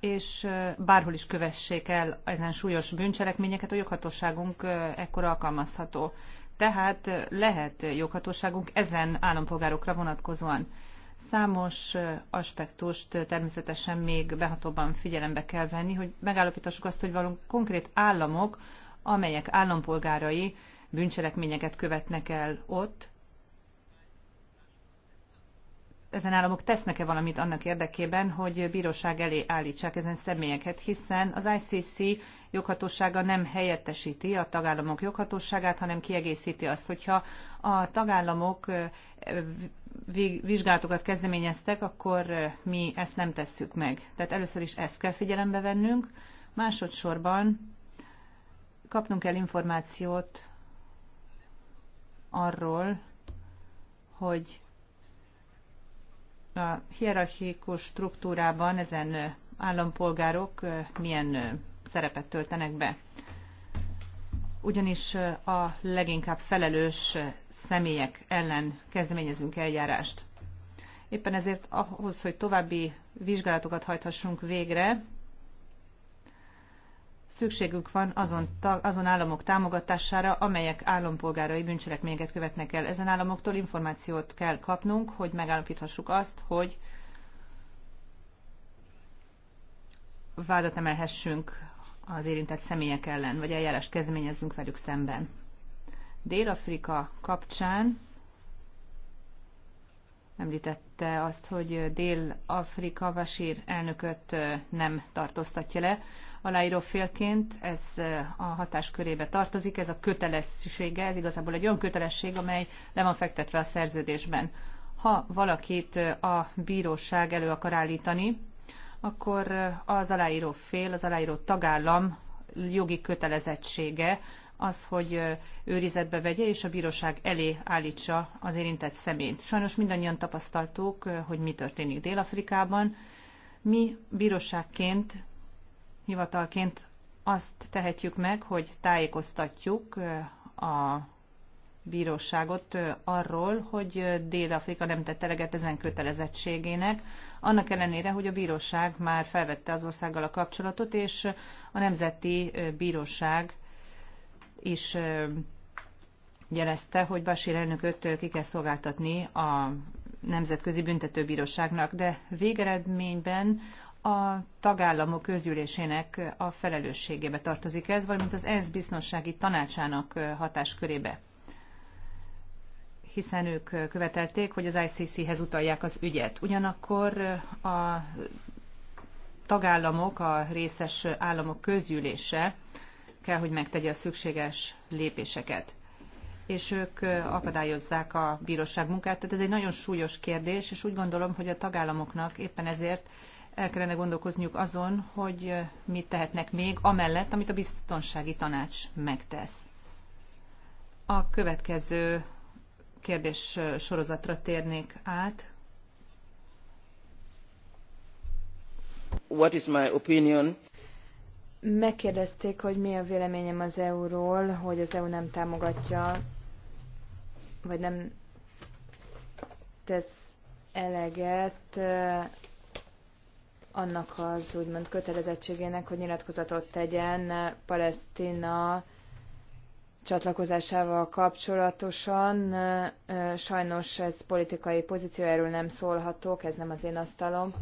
És bárhol is kövessék el ezen súlyos bűncselekményeket, a joghatóságunk ekkor alkalmazható. Tehát lehet joghatóságunk ezen állampolgárokra vonatkozóan. Számos aspektust természetesen még behatóban figyelembe kell venni, hogy megállapítassuk azt, hogy valóban konkrét államok, amelyek állampolgárai bűncselekményeket követnek el ott, ezen államok tesznek-e valamit annak érdekében, hogy bíróság elé állítsák ezen személyeket, hiszen az ICC joghatósága nem helyettesíti a tagállamok joghatóságát, hanem kiegészíti azt, hogyha a tagállamok vizsgálatokat kezdeményeztek, akkor mi ezt nem tesszük meg. Tehát először is ezt kell figyelembe vennünk, másodszorban kapnunk kell információt arról, hogy a hierarchikus struktúrában ezen állampolgárok milyen szerepet töltenek be. Ugyanis a leginkább felelős személyek ellen kezdeményezünk eljárást. Éppen ezért ahhoz, hogy további vizsgálatokat hajthassunk végre, szükségünk van azon, azon államok támogatására, amelyek állampolgárai bűncselekményeket követnek el. Ezen államoktól információt kell kapnunk, hogy megállapíthassuk azt, hogy vádat emelhessünk az érintett személyek ellen, vagy eljárást kezdeményezzünk velük szemben. Dél-Afrika kapcsán említette azt, hogy Dél-Afrika Vasír elnököt nem tartóztatja le aláíró félként, ez a hatás körébe tartozik, ez a kötelessége, ez igazából egy olyan kötelesség, amely le van fektetve a szerződésben. Ha valakit a bíróság elő akar állítani, akkor az aláíró fél, az aláíró tagállam jogi kötelezettsége az, hogy őrizetbe vegye és a bíróság elé állítsa az érintett szemét. Sajnos mindannyian tapasztaltuk, hogy mi történik Dél-Afrikában. Mi bíróságként, hivatalként azt tehetjük meg, hogy tájékoztatjuk a bíróságot arról, hogy Dél-Afrika nem tett eleget ezen kötelezettségének, annak ellenére, hogy a bíróság már felvette az országgal a kapcsolatot, és a Nemzeti Bíróság is jelezte, hogy Basir elnököt ki kell szolgáltatni a Nemzetközi Büntetőbíróságnak, de végeredményben a tagállamok közgyűlésének a felelősségébe tartozik ez, valamint az ENSZ biztonsági tanácsának hatáskörébe hiszen ők követelték, hogy az ICC-hez utalják az ügyet. Ugyanakkor a tagállamok, a részes államok közgyűlése kell, hogy megtegye a szükséges lépéseket és ők akadályozzák a bíróság munkát. Tehát ez egy nagyon súlyos kérdés, és úgy gondolom, hogy a tagállamoknak éppen ezért el kellene gondolkozniuk azon, hogy mit tehetnek még, amellett, amit a biztonsági tanács megtesz. A következő kérdés sorozatra térnék át. What is my opinion? Megkérdezték, hogy mi a véleményem az EU-ról, hogy az EU nem támogatja, vagy nem tesz eleget eh, annak az úgymond kötelezettségének, hogy nyilatkozatot tegyen Palesztina csatlakozásával kapcsolatosan. Eh, eh, sajnos ez politikai pozíció, erről nem szólhatok, ez nem az én asztalom.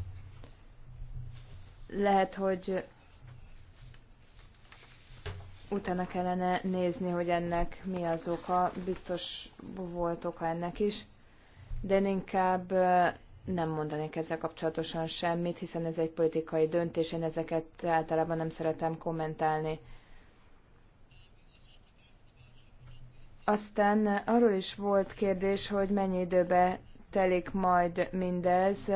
Lehet, hogy utána kellene nézni, hogy ennek mi az oka. Biztos volt oka ennek is, de én inkább nem mondanék ezzel kapcsolatosan semmit, hiszen ez egy politikai döntés, én ezeket általában nem szeretem kommentálni. Aztán arról is volt kérdés, hogy mennyi időbe telik majd mindez.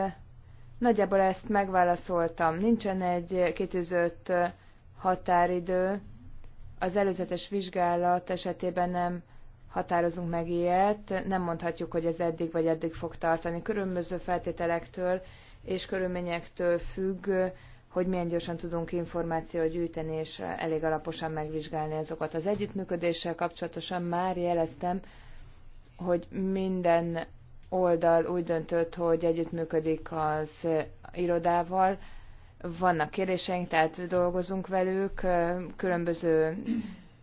Nagyjából ezt megválaszoltam. Nincsen egy kitűzött határidő, az előzetes vizsgálat esetében nem határozunk meg ilyet, nem mondhatjuk, hogy ez eddig vagy eddig fog tartani. Különböző feltételektől és körülményektől függ, hogy milyen gyorsan tudunk információt gyűjteni, és elég alaposan megvizsgálni azokat. Az együttműködéssel kapcsolatosan már jeleztem, hogy minden oldal úgy döntött, hogy együttműködik az irodával, vannak kérdéseink, tehát dolgozunk velük, különböző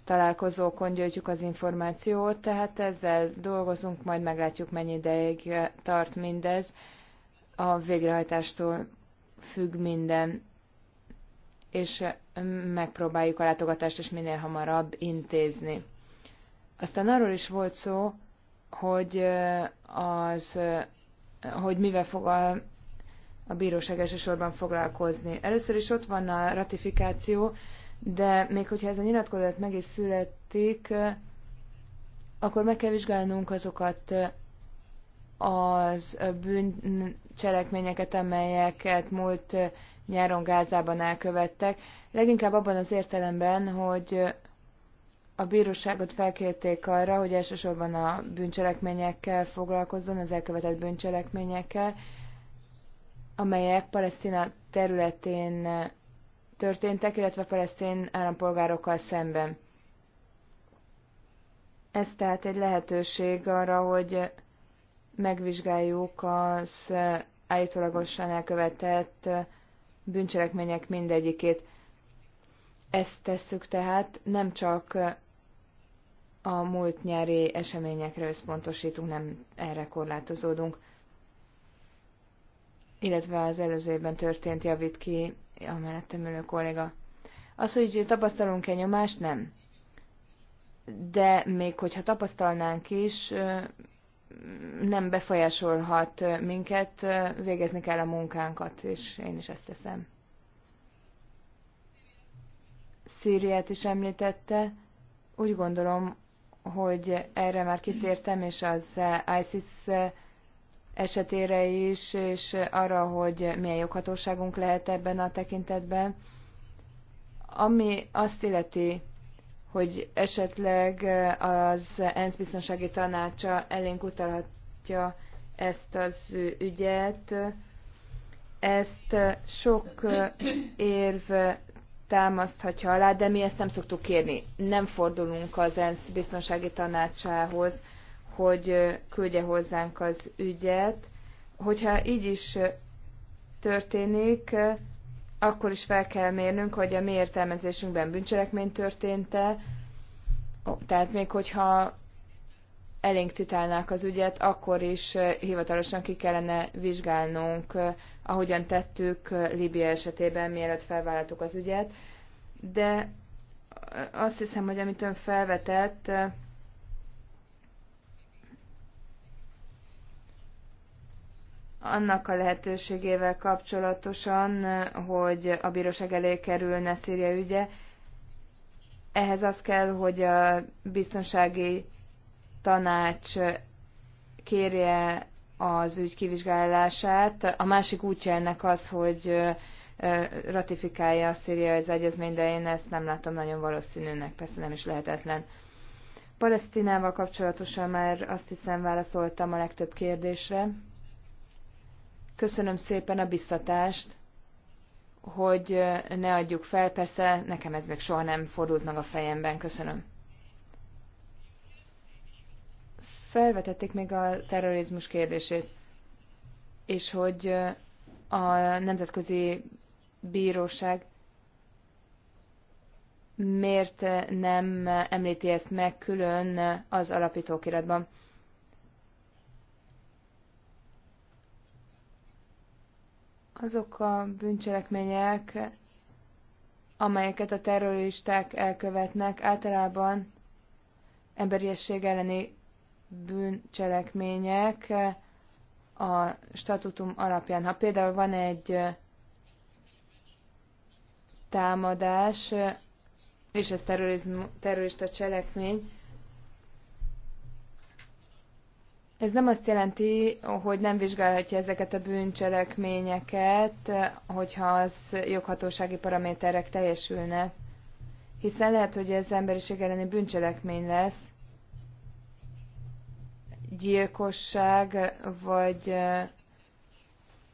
találkozókon gyűjtjük az információt, tehát ezzel dolgozunk, majd meglátjuk, mennyi ideig tart mindez. A végrehajtástól függ minden, és megpróbáljuk a látogatást is minél hamarabb intézni. Aztán arról is volt szó, hogy, az, hogy mivel a a bíróság elsősorban foglalkozni. Először is ott van a ratifikáció, de még hogyha ez a nyilatkozat meg is születik, akkor meg kell vizsgálnunk azokat az bűncselekményeket, amelyeket múlt nyáron Gázában elkövettek. Leginkább abban az értelemben, hogy a bíróságot felkérték arra, hogy elsősorban a bűncselekményekkel foglalkozzon, az elkövetett bűncselekményekkel, amelyek Palesztina területén eh, történtek, illetve palesztin állampolgárokkal szemben. Ez tehát egy lehetőség arra, hogy megvizsgáljuk az eh, állítólagosan elkövetett eh, bűncselekmények mindegyikét. Ezt tesszük tehát, nem csak a múlt nyári eseményekre összpontosítunk, nem erre korlátozódunk illetve az előző évben történt javít ki a mellettem ülő kolléga. Az, hogy tapasztalunk-e nyomást, nem. De még hogyha tapasztalnánk is, nem befolyásolhat minket, végezni kell a munkánkat, és én is ezt teszem. Szíriát is említette. Úgy gondolom, hogy erre már kitértem, és az ISIS esetére is, és arra, hogy milyen joghatóságunk lehet ebben a tekintetben. Ami azt illeti, hogy esetleg az ENSZ biztonsági tanácsa elénk utalhatja ezt az ügyet, ezt sok érv támaszthatja alá, de mi ezt nem szoktuk kérni. Nem fordulunk az ENSZ biztonsági tanácsához, hogy küldje hozzánk az ügyet. Hogyha így is történik, akkor is fel kell mérnünk, hogy a mi értelmezésünkben bűncselekmény történt-e, tehát még hogyha elénk citálnák az ügyet, akkor is hivatalosan ki kellene vizsgálnunk, ahogyan tettük Libia esetében, mielőtt felvállaltuk az ügyet. De azt hiszem, hogy amit ön felvetett, annak a lehetőségével kapcsolatosan, hogy a bíróság elé kerülne Szíria ügye. Ehhez az kell, hogy a biztonsági tanács kérje az ügy kivizsgálását. A másik útja ennek az, hogy ratifikálja a Szíria az egyezmény, de én ezt nem látom nagyon valószínűnek, persze nem is lehetetlen. Palesztinával kapcsolatosan már azt hiszem válaszoltam a legtöbb kérdésre. Köszönöm szépen a biztatást, hogy ne adjuk fel, persze nekem ez még soha nem fordult meg a fejemben. Köszönöm. Felvetették még a terrorizmus kérdését, és hogy a Nemzetközi Bíróság miért nem említi ezt meg külön az alapítókiratban. azok a bűncselekmények, amelyeket a terroristák elkövetnek, általában emberiesség elleni bűncselekmények a statutum alapján. Ha például van egy támadás, és ez terrorista cselekmény, Ez nem azt jelenti, hogy nem vizsgálhatja ezeket a bűncselekményeket, hogyha az joghatósági paraméterek teljesülnek, hiszen lehet, hogy ez emberiség elleni bűncselekmény lesz, gyilkosság, vagy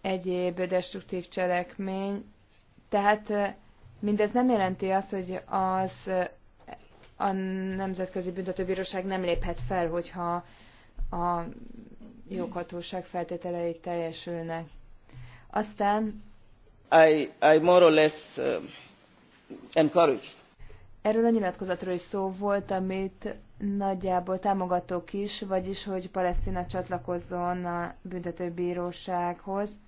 egyéb destruktív cselekmény. Tehát mindez nem jelenti azt, hogy az a Nemzetközi Büntetőbíróság nem léphet fel, hogyha a joghatóság feltételei teljesülnek. Aztán I, I more or less uh, encourage. Erről a nyilatkozatról is szó volt, amit nagyjából támogatók is, vagyis hogy Palesztina csatlakozzon a büntetőbírósághoz.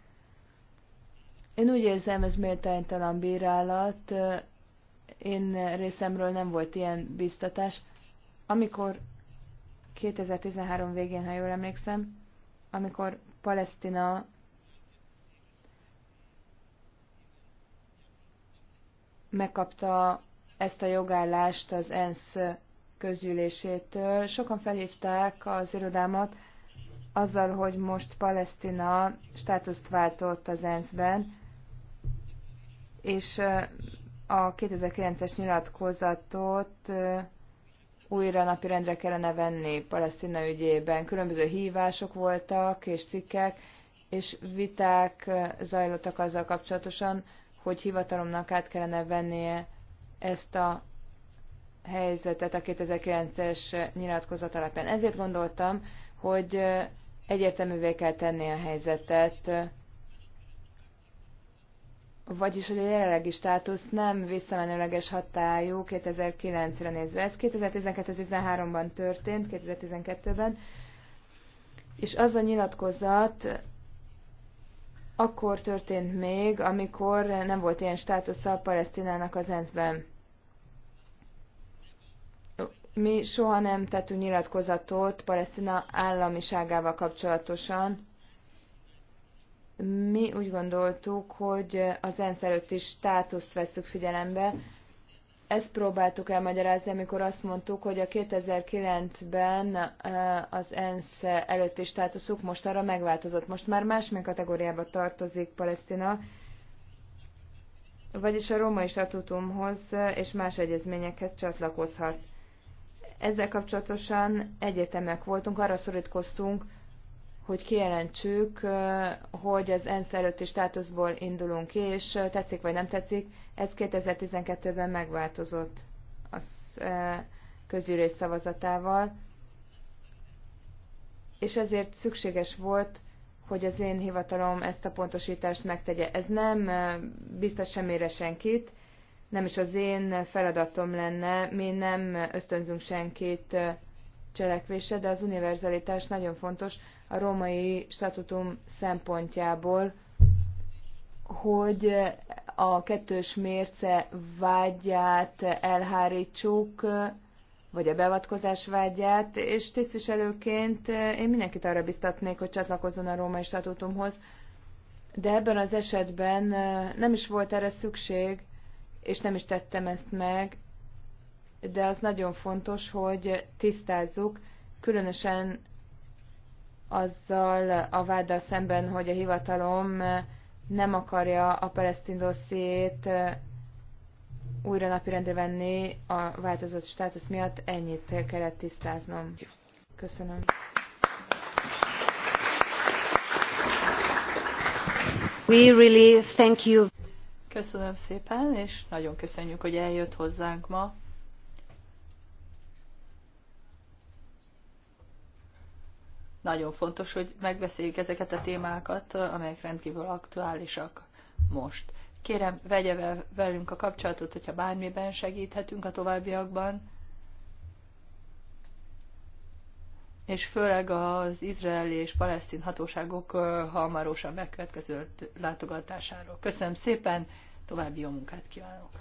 Én úgy érzem, ez méltánytalan bírálat. Én részemről nem volt ilyen biztatás. Amikor 2013 végén, ha jól emlékszem, amikor Palesztina megkapta ezt a jogállást az ENSZ közgyűlésétől. Sokan felhívták az irodámat azzal, hogy most Palesztina státuszt váltott az ENSZ-ben, és a 2009-es nyilatkozatot újra napirendre kellene venni Palesztina ügyében. Különböző hívások voltak és cikkek, és viták zajlottak azzal kapcsolatosan, hogy hivatalomnak át kellene vennie ezt a helyzetet a 2009-es nyilatkozat alapján. Ezért gondoltam, hogy egyértelművé kell tenni a helyzetet vagyis hogy a jelenlegi státusz nem visszamenőleges hatályú 2009-re nézve. Ez 2012-13-ban történt, 2012-ben, és az a nyilatkozat akkor történt még, amikor nem volt ilyen státusza a Palesztinának az ENSZ-ben. Mi soha nem tettünk nyilatkozatot Palesztina államiságával kapcsolatosan, mi úgy gondoltuk, hogy az ENSZ előtti státuszt veszük figyelembe. Ezt próbáltuk elmagyarázni, amikor azt mondtuk, hogy a 2009-ben eh, az ENSZ előtti státuszuk most arra megváltozott. Most már másmilyen kategóriába tartozik Palesztina, vagyis a római statutumhoz és más egyezményekhez csatlakozhat. Ezzel kapcsolatosan egyetemek voltunk, arra szorítkoztunk, hogy kijelentsük, hogy az ENSZ előtti státuszból indulunk ki, és tetszik vagy nem tetszik, ez 2012-ben megváltozott a közgyűlés szavazatával, és ezért szükséges volt, hogy az én hivatalom ezt a pontosítást megtegye. Ez nem biztos semmire senkit, nem is az én feladatom lenne, mi nem ösztönzünk senkit cselekvése, de az univerzalitás nagyon fontos, a római statutum szempontjából, hogy a kettős mérce vágyát elhárítsuk, vagy a beavatkozás vágyát, és tisztviselőként én mindenkit arra biztatnék, hogy csatlakozzon a római statutumhoz, de ebben az esetben nem is volt erre szükség, és nem is tettem ezt meg, de az nagyon fontos, hogy tisztázzuk, különösen azzal a váddal szemben, hogy a hivatalom nem akarja a palesztin dossziét újra napirendre venni a változott státusz miatt, ennyit kellett tisztáznom. Köszönöm. We really thank you. Köszönöm szépen, és nagyon köszönjük, hogy eljött hozzánk ma. Nagyon fontos, hogy megbeszéljük ezeket a témákat, amelyek rendkívül aktuálisak most. Kérem, vegye velünk a kapcsolatot, hogyha bármiben segíthetünk a továbbiakban. és főleg az izraeli és palesztin hatóságok hamarosan megkövetkező látogatásáról. Köszönöm szépen, további jó munkát kívánok!